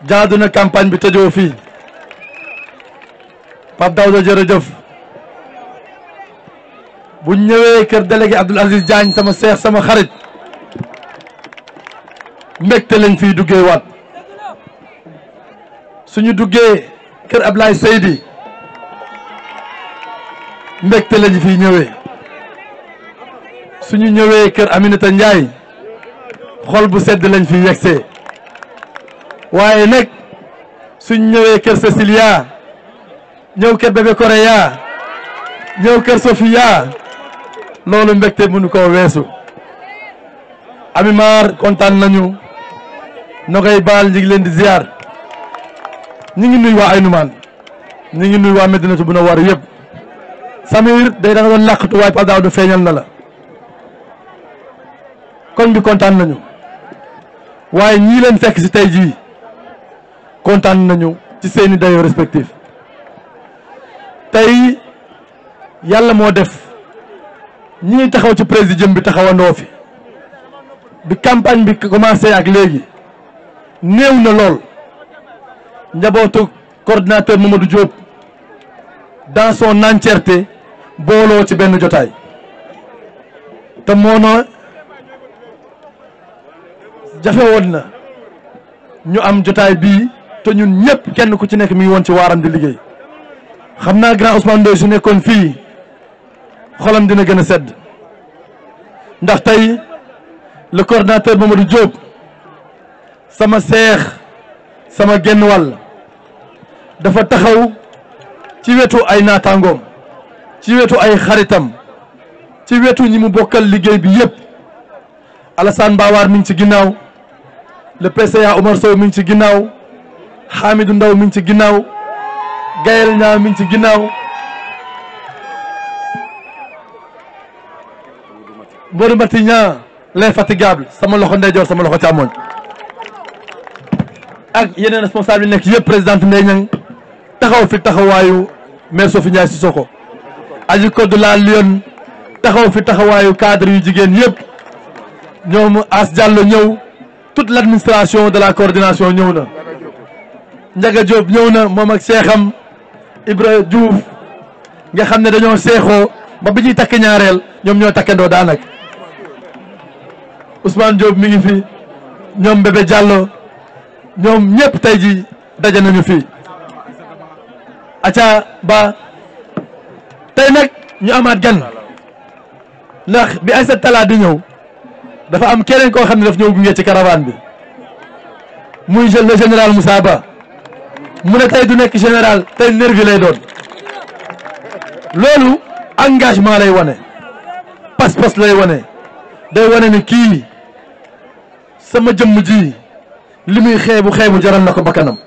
jaadu na campagne bi tëjoo fii Pape Daouda jërëjëf bu ñëwee kër délégué Abdoul Aziz Diagne sama seex sama xarit mbégte lañ fiy duggee waat suñu duggee kër Ablaye Seydi mbégte lañ fiy ñëwee suñu ñëwee kër Aminata Ndiaye xol bu sedd lañ fi yegsee waaye nag suñ ñëwee kër Cécilia ñëw kër bébé Korea ñëw kër Sofia loolu mbégte munu ko weesu Amimar kontaan nañu no koy baal ñu leen di ziar ñu ngi nuy waa Aynoumane ñu ngi nuy waa Medinatu Munawwara yëpp Samir day da nga doon làqatu waaye Pape Daouda feeñal na la kon bi kontaan nañu waaye ñii leen fekk si tey jii kontaan nañu ci seeni dayo respectif tey yàlla moo def ñi taxaw ci président bi taxawandoo fi bi campagne bi commencé ak léegi néew na lool njabootu coordinateur Mamadou Diop dans son entièreté booloo ci benn jotaay te moo na jafe woon na ñu am jotaay bii te ñun ñëpp kenn ku ci nekk mi woon ci waaram di liggéey xam naa grand Ousmane su nekkoon fii xolam dina gën a sedd ndax tey le coordonnateur Mamadou Diop sama seex sama genn wàll dafa taxaw ci wetu ay naataangoom ci wetu ay xaritam ci wetu ñi mu bokkal liggéey bi yëpp Alassane Mbawaar mi ci ginnaaw le PCA Omar Sow mi ngi ci ginnaaw Hamidou Ndaw mi ngi ci ginnaaw Gayel Ñaa mi ngi ci ginnaaw Mbodou Mati Ñaa l'infatigable sama loxo ndeyjoor sama loxo càmmoñ ak yeneen responsable yi nekk yëpp présidente Ndeye Niang taxaw fi taxawaayu maire Sophie Ndiaye Sissoko aji code la Lyon taxaw fi taxawaayu cadre yu jigéen yëpp ñoom As Diallo ñëw toute l'administration de la coordination ñëw na Ndiaga Diop ñëw na moom ak seexam Ibra Diouf nga xam ne dañoo seexoo ba bi ñuy takk ñaareel ñoom ñoo takkandoo daanak usmaan Diop mi ngi fi ñoom Bébé Diallo ñoom ñëpp tey ji daje nañu fii aca ba tey nag ñu amaat gan ndax bi ay sa di ñëw dafa am keneen koo xam ne daf ñëw gunge ci caravane bi muy le général Moussa Ba mu ne tey du nekk général tey nervi lay doon loolu engagement lay wane pas-pas lay wane day wane ne kii sama jëmm ji li muy xeebu xeebu jaral na ko bakkanam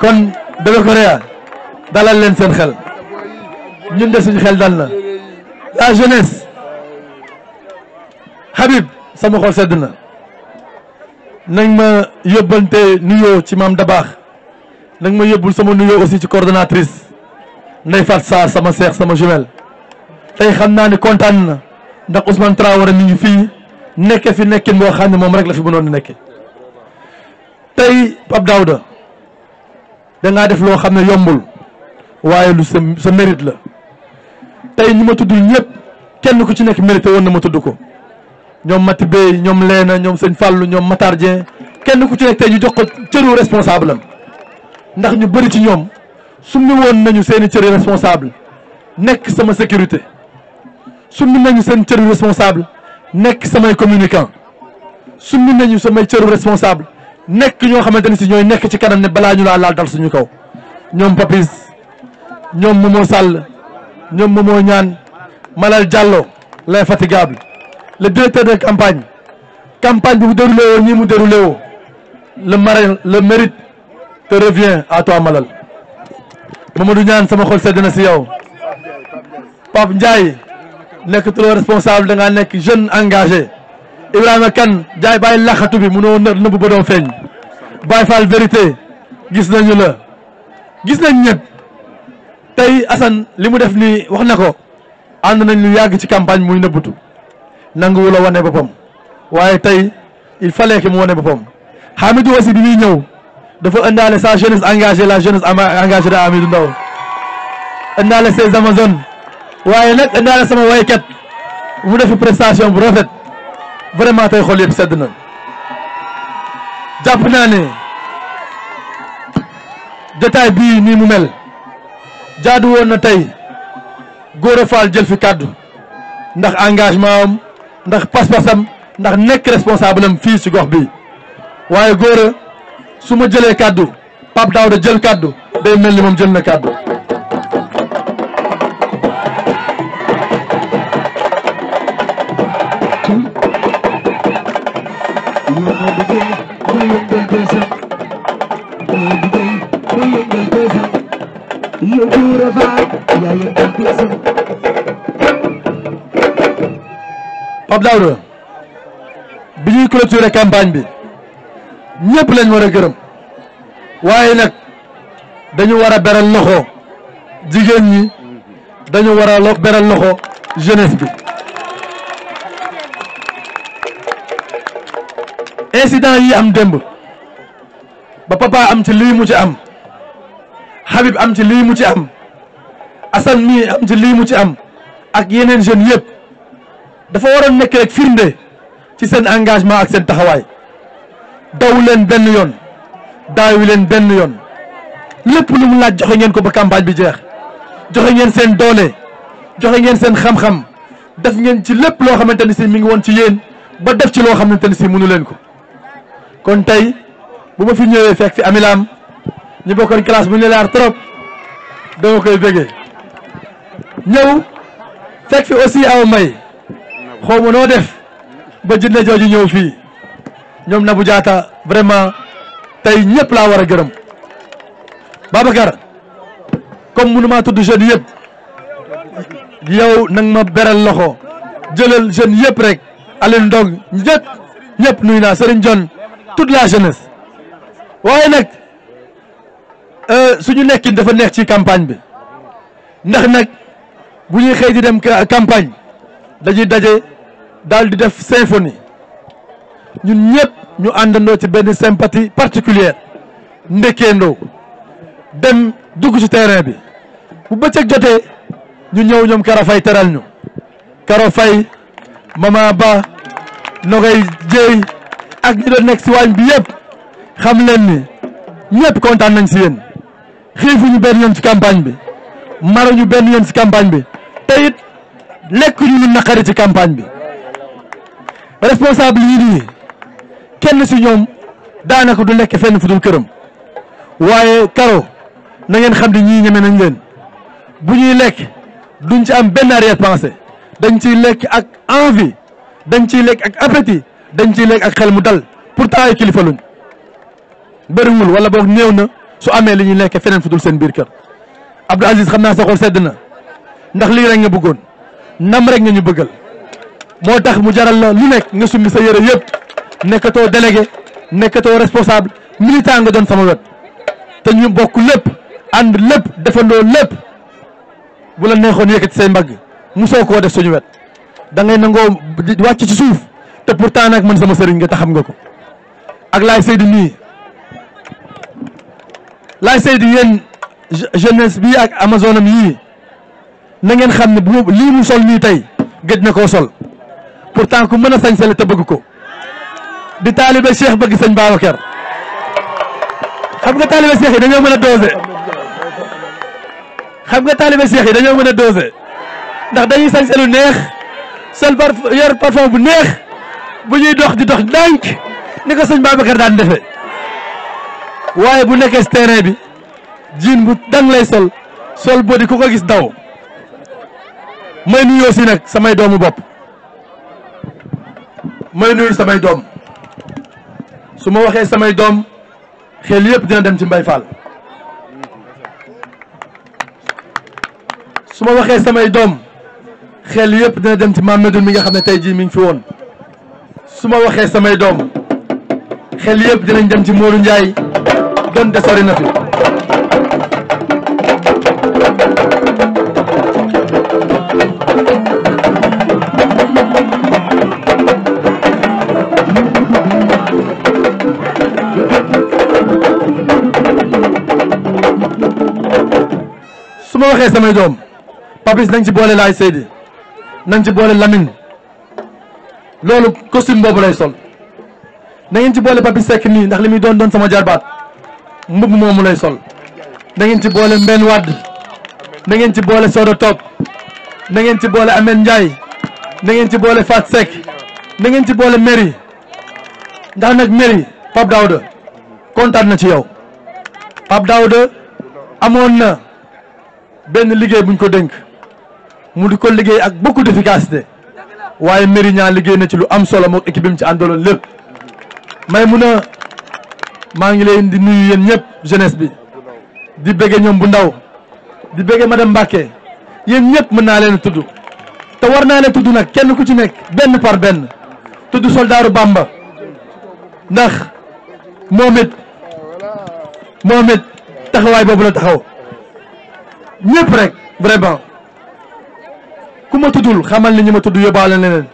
kon Bébé Correa dalal leen seen xel ñun de suñu xel dal na la jeunesse Habib sama xol sedd na nañ ma yóbbante nuyoo ci maam baax nañ ma yóbbul sama nuyoo aussi ci coordonnatrice Ndeye Fatou Sarr sama seex sama jumelle tey xam naa ne kontaan na ndax Ousmane Traoré mi ngi fii nekke fi nekkin boo xam ne moom rek la fi noonu nekke tey Pape da dangaa def loo xam ne yombul waaye lu sa sa mérite la tey ñi ma tudd ñëpp kenn ku ci nekk mérité woon na ma tudd ko ñoom Mati Bey ñoom Leena ñoom seen Fàllu ñoom Matar Dieng kenn ku ci nekk tey ñu jox ko cëru responsable am ndax ñu bëri ci ñoom summi woon nañu seen i cëri responsable nekk sama sécurité summi nañu seen cëru responsable nekk samay communicant summi nañu samay cëru responsable nekk ñoo xamante ni si ñooy nekk ci kanam ne balaa ñu laa laal dal suñu kaw ñoom Papis ñoom Momo Sall ñoom Momo Niane Malal Diallo fatigable le directeur de campagne campagne bi mu déroulé woo ñii mu déroulé le marin le mérite te revient à toi Malal Mamadou Niane sama xol sedd na si yow Pape Ndiaye nekk trop responsable da nekk jeune engagé Ibrahima Kane Ndiaye bay laxatu bi mënoo nëbb ba doo feeñ Baye Fall vérité gis nañu la gis nañ ñëpp tey Assane li mu def nii wax na ko ànd nañ lu yàgg ci campagne muy nëbbutu nanguwu la wane boppam waaye tey il fallait que mu wane boppam Hamidou aussi bi muy ñëw dafa indaale sa jeunesse engagée la jeunesse engagée de Hamidou Ndao indaale ses amazones waaye nag indaale sama waykat mu def prestation bu rafet vraiment tey xol yëpp sedd na jàpp naa ne bii nii mu mel jaadu woon na tey Gora Fall jël fi kàddu ndax engagement am ndax pas-pasam ndax nekk responsable fii ci gox bi waaye Gora su ma jëlee kàddu Pape Daouda jël kàddu day mel ni moom jël na kàddu you do the vibe, bi ñuy clôturer campagne bi ñëpp lañ war a gërëm waaye nag dañu war a beral loxo jigéen ñi dañu war a beral loxo jeunesse bi. incident yi am démb ba papa am ci lii mu ci am. Habib am ci lii mu ci am Assane mii am ci lii mu ci am ak yeneen jeunes yëpp dafa waroon nekk rek firnde ci seen engagement ak seen taxawaay daw leen benn yoon daawi leen benn yoon lépp nu mu laaj joxe ngeen ko ba campagne bi jeex joxe ngeen seen doole joxe ngeen seen xam-xam def ngeen ci lépp loo xamante ni si mi ngi woon ci yéen ba def ci loo xamante ni mu mënu leen ko kon tey bu ma fi ñëwee fekk fi amilaam ñu bokkoon classe bu trop dama koy bëggee ñëw fekk fi aussi aw may xaw noo def ba jinne jooju ñëw fii ñoom Nabou Diatta vraiment tey ñëpp la war a gërëm babakar comme mënu maa tudd jeunes yëpp yow nag ma beral loxo jëlal jeune yëpp rek Alioune Ndong ñëpp ñëpp nuyu naa Serigne John toute la jeunesse waaye nag Euh, su ñu nekkin dafa neex ci campagne bi ndax nag bu ñuy xëy di dem campagne dañuy daje dal di def symphonie ñun ñëpp ñu àndandoo ci benn sympathie particulière ndekkeendoo dem dugg ci terrain bi bu bëccëg jotee ñu ñëw ñoom Kara Faye teral ñu Kara Faye Mama Ba Nogay Jéey ak ñi doon nekk si waañ bi yëpp xam leen ni ñëpp kontaan nañ si yéen ñu benn yoon ci campagne bi maruñu benn yoon ci campagne bi te it ñu lu naqari ci campagne bi responsable yi nii kenn ci ñoom daanaka du nekk fenn fu këram waaye Karo na ngeen xam ne ñii ñeme nañ leen bu ñuy lekk duñ ci am benn arrière-pensée dañ ci lekk ak envi dañ ci lekk ak appétit dañ ci lekk ak xel mu dal pourtant ay kilifa luñ bëriwul wala boog néew na. su amee li ñu lekkee feneen fu dul seen biir kër Abdou Aziz xam naa sa sedd na ndax lii rek nga bëggoon nam rek nga ñu bëggal moo tax mu jaral la lu nekk nga summi sa yëre yëpp nekkatoo délégué nekkatoo responsable militant nga doon sama wet te ñu bokk lépp ànd lépp defandoo lépp bu la neexoon yëkkati say mbagg mu soo koo def suñu wet da ngay nangoo wàcc ci suuf te pourtant nag mën sama sëriñ nga tax xam nga ko ak laay Seydou nii laay saytu yéen jeunesse bi ak amazon am yii na ngeen xam ne bu lii mu sol nii tey gëj na koo sol pourtant ku mën a sañse la te bëgg ko di taalibe Cheikh bëgg sëñ Babacar xam nga taalibe Cheikh dañoo mën a doser xam nga taalibe Cheikh yi dañoo mën a doser ndax dañuy sañse lu neex sol par yor bu neex bu ñuy dox di dox ndànk ni ko sëñ Babacar daan defee. waaye bu nekkee si terrain bi jiin bu dang lay sol sol bodi ku ko gis daw may nuyoo si nag samay doomu bopp may nuyu samay doom su ma waxee samay doom xel yëpp dina dem ci Mbaye Fall su ma waxee samay doom xel yëpp dina dem ci Mamadou mi nga xam ne tey jii mi ngi fi woon su ma waxee samay doom xel yëpp dinañ dem ci Modou Ndiaye donte sori na fi su ma waxee samay doom papis nañ ci boole laay Seydi nañ ci boole Lamine loolu costume boobu lay sol na ci boole Papis Seck nii ndax li muy doon doon sama jarbaat mbubb moomu lay sol da ngeen ci boole Mbène Wade da ngeen ci boole Soda Top da ngeen ci boole ameen njaay da ci boole Fat Seck da ngeen ci boole Mairie ndax nag Mairie Pape Daouda kontaan na ci yow Pape Daouda amoon na benn liggéey buñ ko dénk mu di ko liggéey ak beaucoup d'efficacité waaye Mairie ñaa liggéey na ci lu am solo mook équipe ci àndaloon lépp may mun a maa ngi leen di nuyu yéen ñëpp jeunesse bi di bëgge ñoom bu ndaw di bëgge madame Mbacke yéen ñëpp mën naa leen tudd te war naa leen tudd nag kenn ku ci nekk benn par benn tudd soldaaru Bamba ndax moom it moom it taxawaay boobu la taxaw ñëpp rek vraiment ku ma tuddul xamal ni ñu ma tudd yóbbaale leneen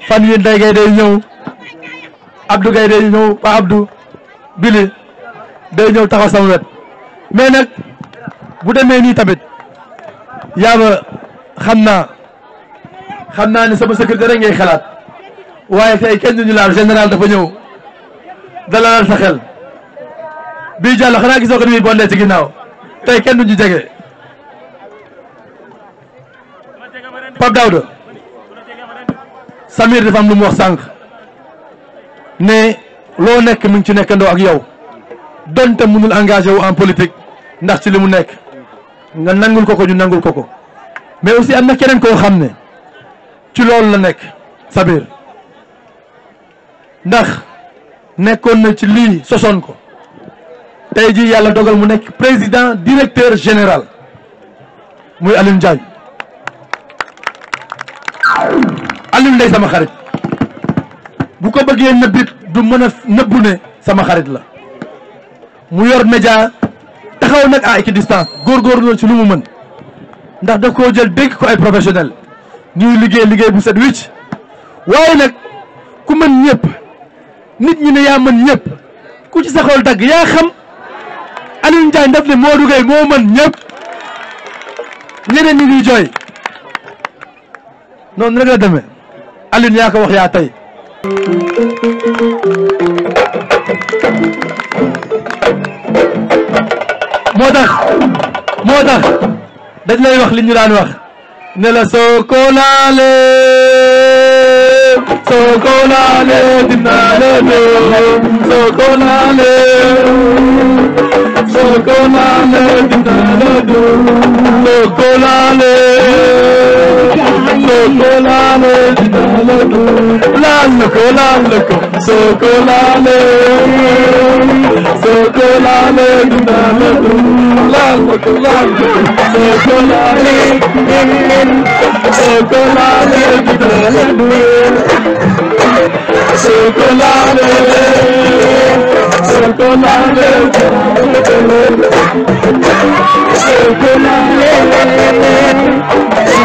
fan yii Ndeye Gueye day ñëw Abdou Gueye day ñëw Pa Abdou bili day ñëw taxaw sama wet mais nag bu demee nii tamit yaa ma xam naa xam naa ne sama sécurité rek ngay xalaat waaye tey kenn duñu laal général dafa ñëw dalalal sa xel bii jàll xanaa gisoo ko ni muy bondee ci ginnaaw tey kenn duñu jege Pape Daouda Samir dafa lu mu wax sànq ne loo nekk mi ngi ci nekkandoo ak yow donte mënul engagé wu en politique ndax ci li mu nekk nga nangul ko ko ñu nangul ko ko mais aussi am na keneen koo xam ne ci loolu la nekk Sabir ndax nekkoon na ci lii sosoon ko tey jii yàlla dogal mu nekk président directeur général muy Alioune Ndiaye Alioune day sama xarit bu ko bëggee nëbbit du mën a nëbbu ne sama xarit la mu yor média taxaw nag à équidistance góorgóorlu na ci lu mu mën ndax daf koo jël dégg ko ay professionnel ñuy liggéey liggéey bu set wicc waaye nag ku mën ñëpp nit ñi ne yaa mën ñëpp ku ci sa dagg yaa xam Alioune Ndiaye def ne Modou Gueye moo mën ñëpp ñeneen ñi ñuy jooy noonu rek la demee Alioune yaa ko wax yaa tey moo tax moo lay wax li ñu daan wax ne la soo ko laalee soo ko laalee dinaa la dóor soo ko laalee soo sokolale lalako lalako lalako sokolale sokolale lalako lalako lalako sokolale sokolale lalako sokolale sokolale lalako sokolale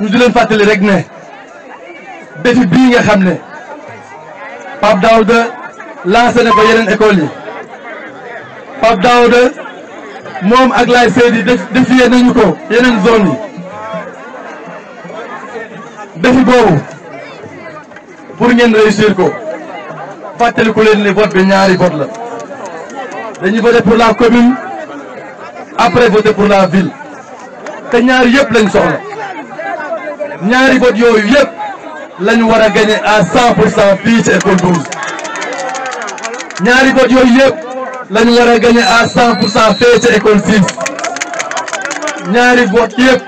ñu di leen fàttali rek ne défi nga xam ne Pape Daouda lancé na ko yeneen école yi moom ak Laye Seydi défier nañu ko yeneen zone yi défi boobu pour ngeen réussir ko fàttaliku leen ni vote bi ñaari vote la dañuy voter pour la commune après voter pour la ville te ñaari yëpp lañ soxla ñaari vote yooyu yëpp lañu war a gagner à 100 pour cent fii ci Ecole 12 ñaari vote yooyu yëpp. lañu war a gagné à 100 pour cent fee ca école 6 ñaari vote yëpp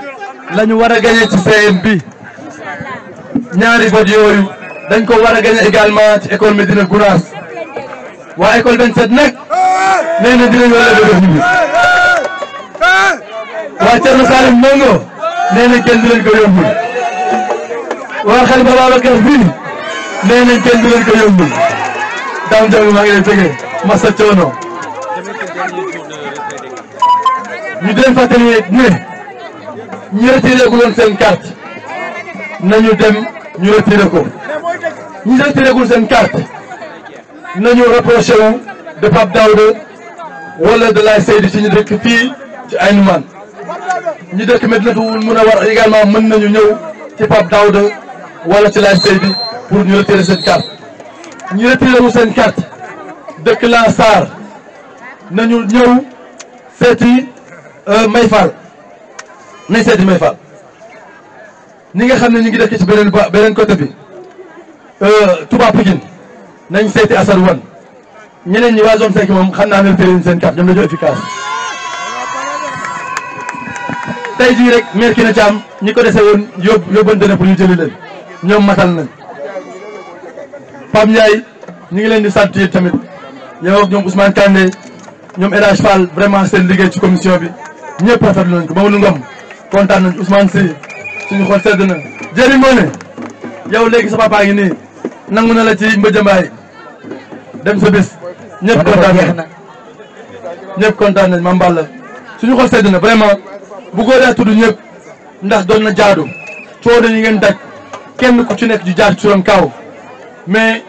lañu war a gagné ci CM bi ñaari vote yooyu dañ ko war a gagné également ci école Médina Gounass waa école 27 nag nee na dinañu war a def bi waa Thierno Salim Ndongo nee na kenn du leen ko yombul waa Xalifa Babacar bi nee na kenn du leen ko daam jàng maa ngi lay bëggee masa ñu di leen fàttali ne ñu retiré gu loon seen carte nañu dem ñu retiré ko ñu retiré seen carte nañu rapproché wu de Pape Daouda wala de Laye Seydou ci ñu dëkk fii ci Ainoumane ñu dëkk Médinatoul Mounawwar également mën nañu ñëw ci Pape Daouda wala ci Laye Seydou pour ñu retiré seen carte ñu retiré wu seen carte dëkk Lansar nañu ñëw seeti Euh, May Fall nañ seeti May Fall ñi nga xam ne ñu ngi dëkk ci beneen ba beneen côté bi euh, Touba Pikine nañ seeti Assane Wan ñeneen ñi waa zone moom xam naa ne tëjee seen carte ñoom dañoo efficace. tey jii rek maire Kine Thiam ñi ko dese woon yóbbu yóbbante na pour ñu jëli leen ñoom matal nañ Pam Ndiaye ñu ngi leen di sant tamit yow ak ñoom Ousmane Kandé ñoom El Hadj vraiment seen liggéey ci commission bi. ñëpp rafet nañ ko Mamadou Ngom kontaan nañ Ousmane Sy suñu xol sedd na jëri moo ne yow léegi sa papa ngi nii nangu na la ci mbëjëmbaay dem sa bis ñëpp kontaan nañ ñëpp kontaan nañ Mame Balla suñu xol sedd na vraiment bu góor yaa tudd ñëpp ndax doon na jaadu coono yi ngeen daj kenn ku ci nekk ju jaar ci suram kaaw mais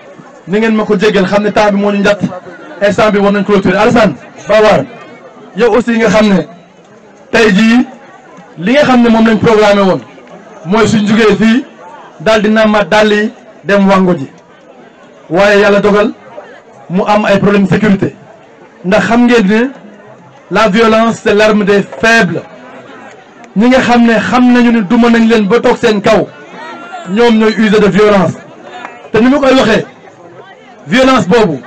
ni ngeen ma ko jégal xam ne temps bi moo ñu njatt instant bi war nañ clôturer Alassane Babar yow aussi nga xam ne tey jii li nga xam ne moom lañ programmé woon mooy suñ jugee fii daal di nàmmaat daal di dem wango ji waaye yàlla dogal mu am ay problème sécurité ndax xam ngeen ne la violence c'est l'arme des faibles ñi nga xam ne xam nañu ne duma nañ leen ba toog seen kaw ñoom ñooy user de violence te ni ma koy waxee violence boobu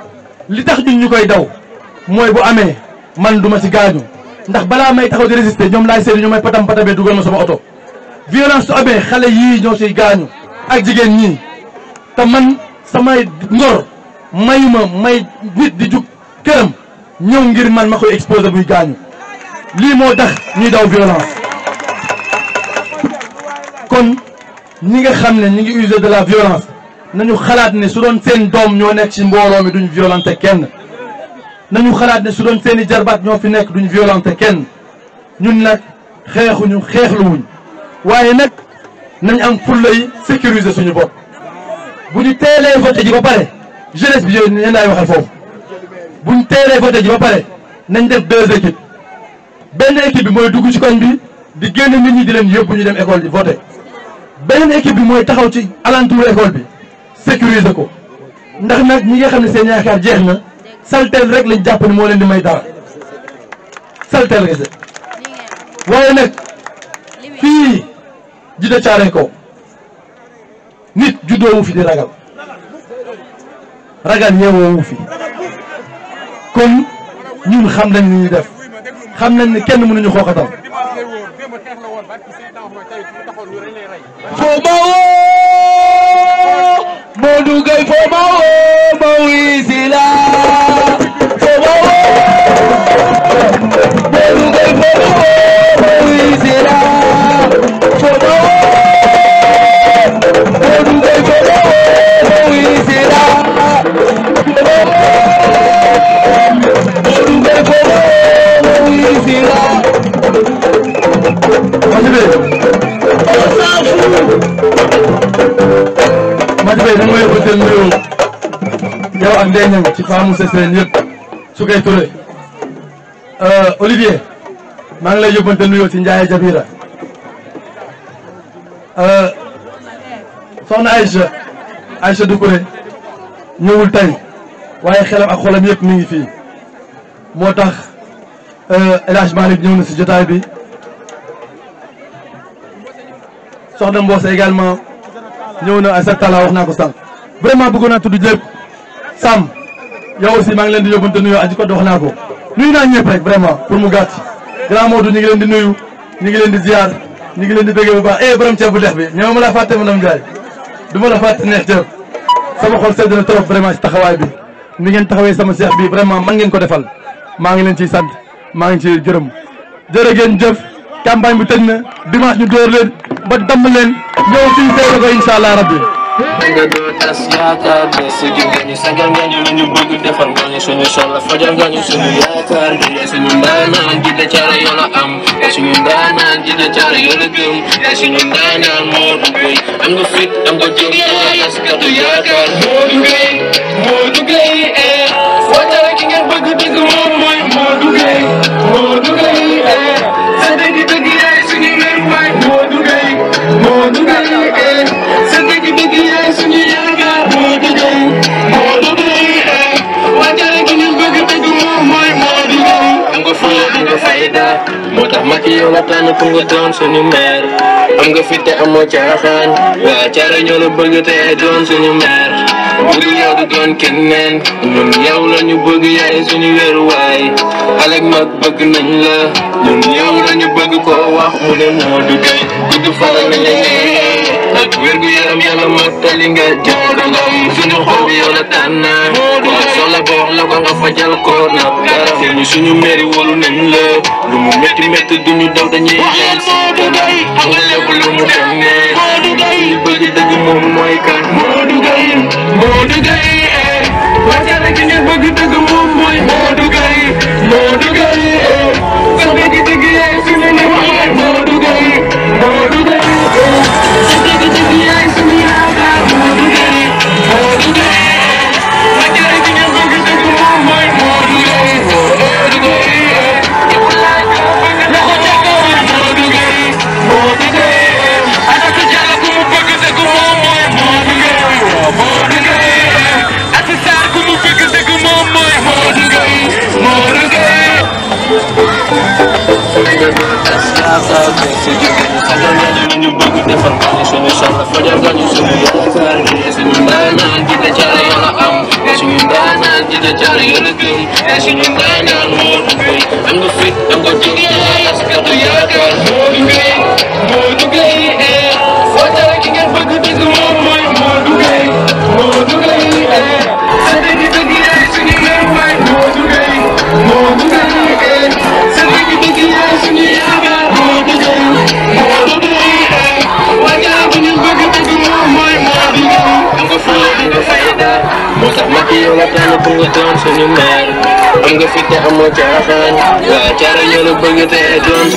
li tax ñun ñu koy daw mooy bu amee man duma ci gaañu ndax balaa may taxaw di résister ñoom laay seetlu ñu may patam patamee dugal ma sama oto violence su amee xale yii ñoo ciy gaañu ak jigéen ñi te man samay ngor mayuma may nit di jug këram ngir man ma koy exposé buy gaañu lii moo tax ñuy daw violence kon ñi nga xam ne ñi ngi user de la violence nañu xalaat ne su doon seen doom ñoo nekk ci mbooloo mi duñ violenté kenn nañu xalaat ne su doon seen jarbaat ñoo fi nekk duñ violenté kenn ñun nag xeexuñu xeexluwuñ waaye nag nañ am fulla yi suñu bopp bu ñu teelee voté ji ba pare jeunesse bi yooyu leen laay waxal foofu bu ñu teelee voté ji ba pare nañ def deux équipes benn équipe bi mooy dugg ci koñ bi di génn nit ñu di leen yóbbu ñu dem école di voté beneen équipe bi mooy taxaw ci alentour école bi sécuriser ko ndax nag ñi nga xam ne seen yaakaar jeex na salteel rek lañ jàpp ni moo leen di may dara salteel kese waaye nag fii jidda caaree kaw nit juddoowu fi di ragal ragal yeewoowu fi kon ñun xam nañ ni ñuy def xam nañ ni kenn mënuñu xooxatal foo bawoo Modou Gueye fo ma woo ma wii si la fo ma woo Modou Gueye fo ma woo ma wii si la fo ma woo Modou Gueye fo ma woo ma wii si la Modou Gueye fo ma woo ma wii si la. Wajibé. yow ak Ndeye Niang ci faamu Sessène yëpp ngi lay yóbbante nuyoo ci Ndiaye Jabira euh, soxna Aïcha Aïcha waaye xelam ak xolam yëpp mi ngi fii moo tax euh, El Hadj Malick ñëw na si jotaay bi soxna Mboose également ñëw ay sa tala wax naa ko sànq vraiment bëggoon naa tudd lépp Sam yow aussi maa ngi leen di yóbbante nuyoo aji ko dox naa ko nuyu naa ñëpp rek vraiment pour mu gàtt grand Modou ñu ngi leen di nuyu ñu ngi leen di ziar ñu ngi leen di bëggee bu baax eh borom ceeb bu dex bi ñoo ma la fàtte manam Ndiaye du ma la fàtte neex ceeb sama xol sedd na trop vraiment ci taxawaay bi ni ngeen taxawee sama seex bi vraiment man ngeen ko defal maa ngi leen ci sant maa ngi ciy jërëm jërë ngeen jëf campagne bi tëj na dimanche ñu door leen ba damm leen ñëw fii seere ko incha allah rabbi tas yaakaar ne si jur nga ñu sagal nga ñu lu ñu bëgg defal nga ñu suñu soxla fajal nga ñu suñu yaakaar nga ñu suñu ndaanaan ji de caara yoo la am nga suñu ndaanaan ji de caara yoo la gëm nga suñu ndaanaan moo du koy am nga fit am nga jëm nga taskatu yaakaar moo du koy moo du koy ee eh. waajal ki nga bëgg dëgg moo candidat moo tax Macky yow la tànn pour nga doon suñu maire am nga fi te moo caaxaan waa caara ñoo la bëgg te doon suñu maire bu dul yow du doon keneen ñun yow la ñu bëgg yaay suñu wéruwaay alek mag bëgg nañ la ñun yow la ñu bëgg koo wax mu ne moo du doy gudd faral nañ la wér gu yaram yàlla mottali nga jëm dangam suñu xool yow la tànn waa soxla boo la ko nga fajal ko nag dara ñu suñu mairie wóolu nañ la lu mu métti métti duñu daw dañuy dem si kanam amul lépp lu mu dem ne li bëgg dëgg moom mooy kan Modou Gueye Modou Gueye eh wàccale ki nga bëgg dëgg moom mooy Modou Gueye Modou Gueye eh sa bëgg dëgg yaakaar nañ si jiw bi ñu xamal leen li ñu bëgg defal ko ñu suñu soxla fajal ko ñu suñu yaakaar yi suñu ndaanaan jiite caare yi la am suñu ndaanaan jiite caare yi la gëm suñu ndaanaan moo dugg am nga fit am nga jëm yaakaar moo dugg ci yow la tànn pour nga doon suñu maire am nga fi te amoo caaxaan waa caara ñoo la bëgg te doon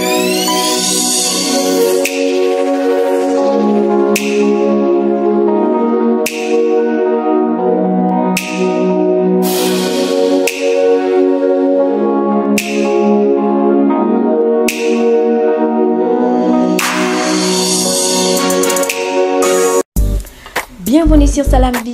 Bienvenue sur Salam Vision.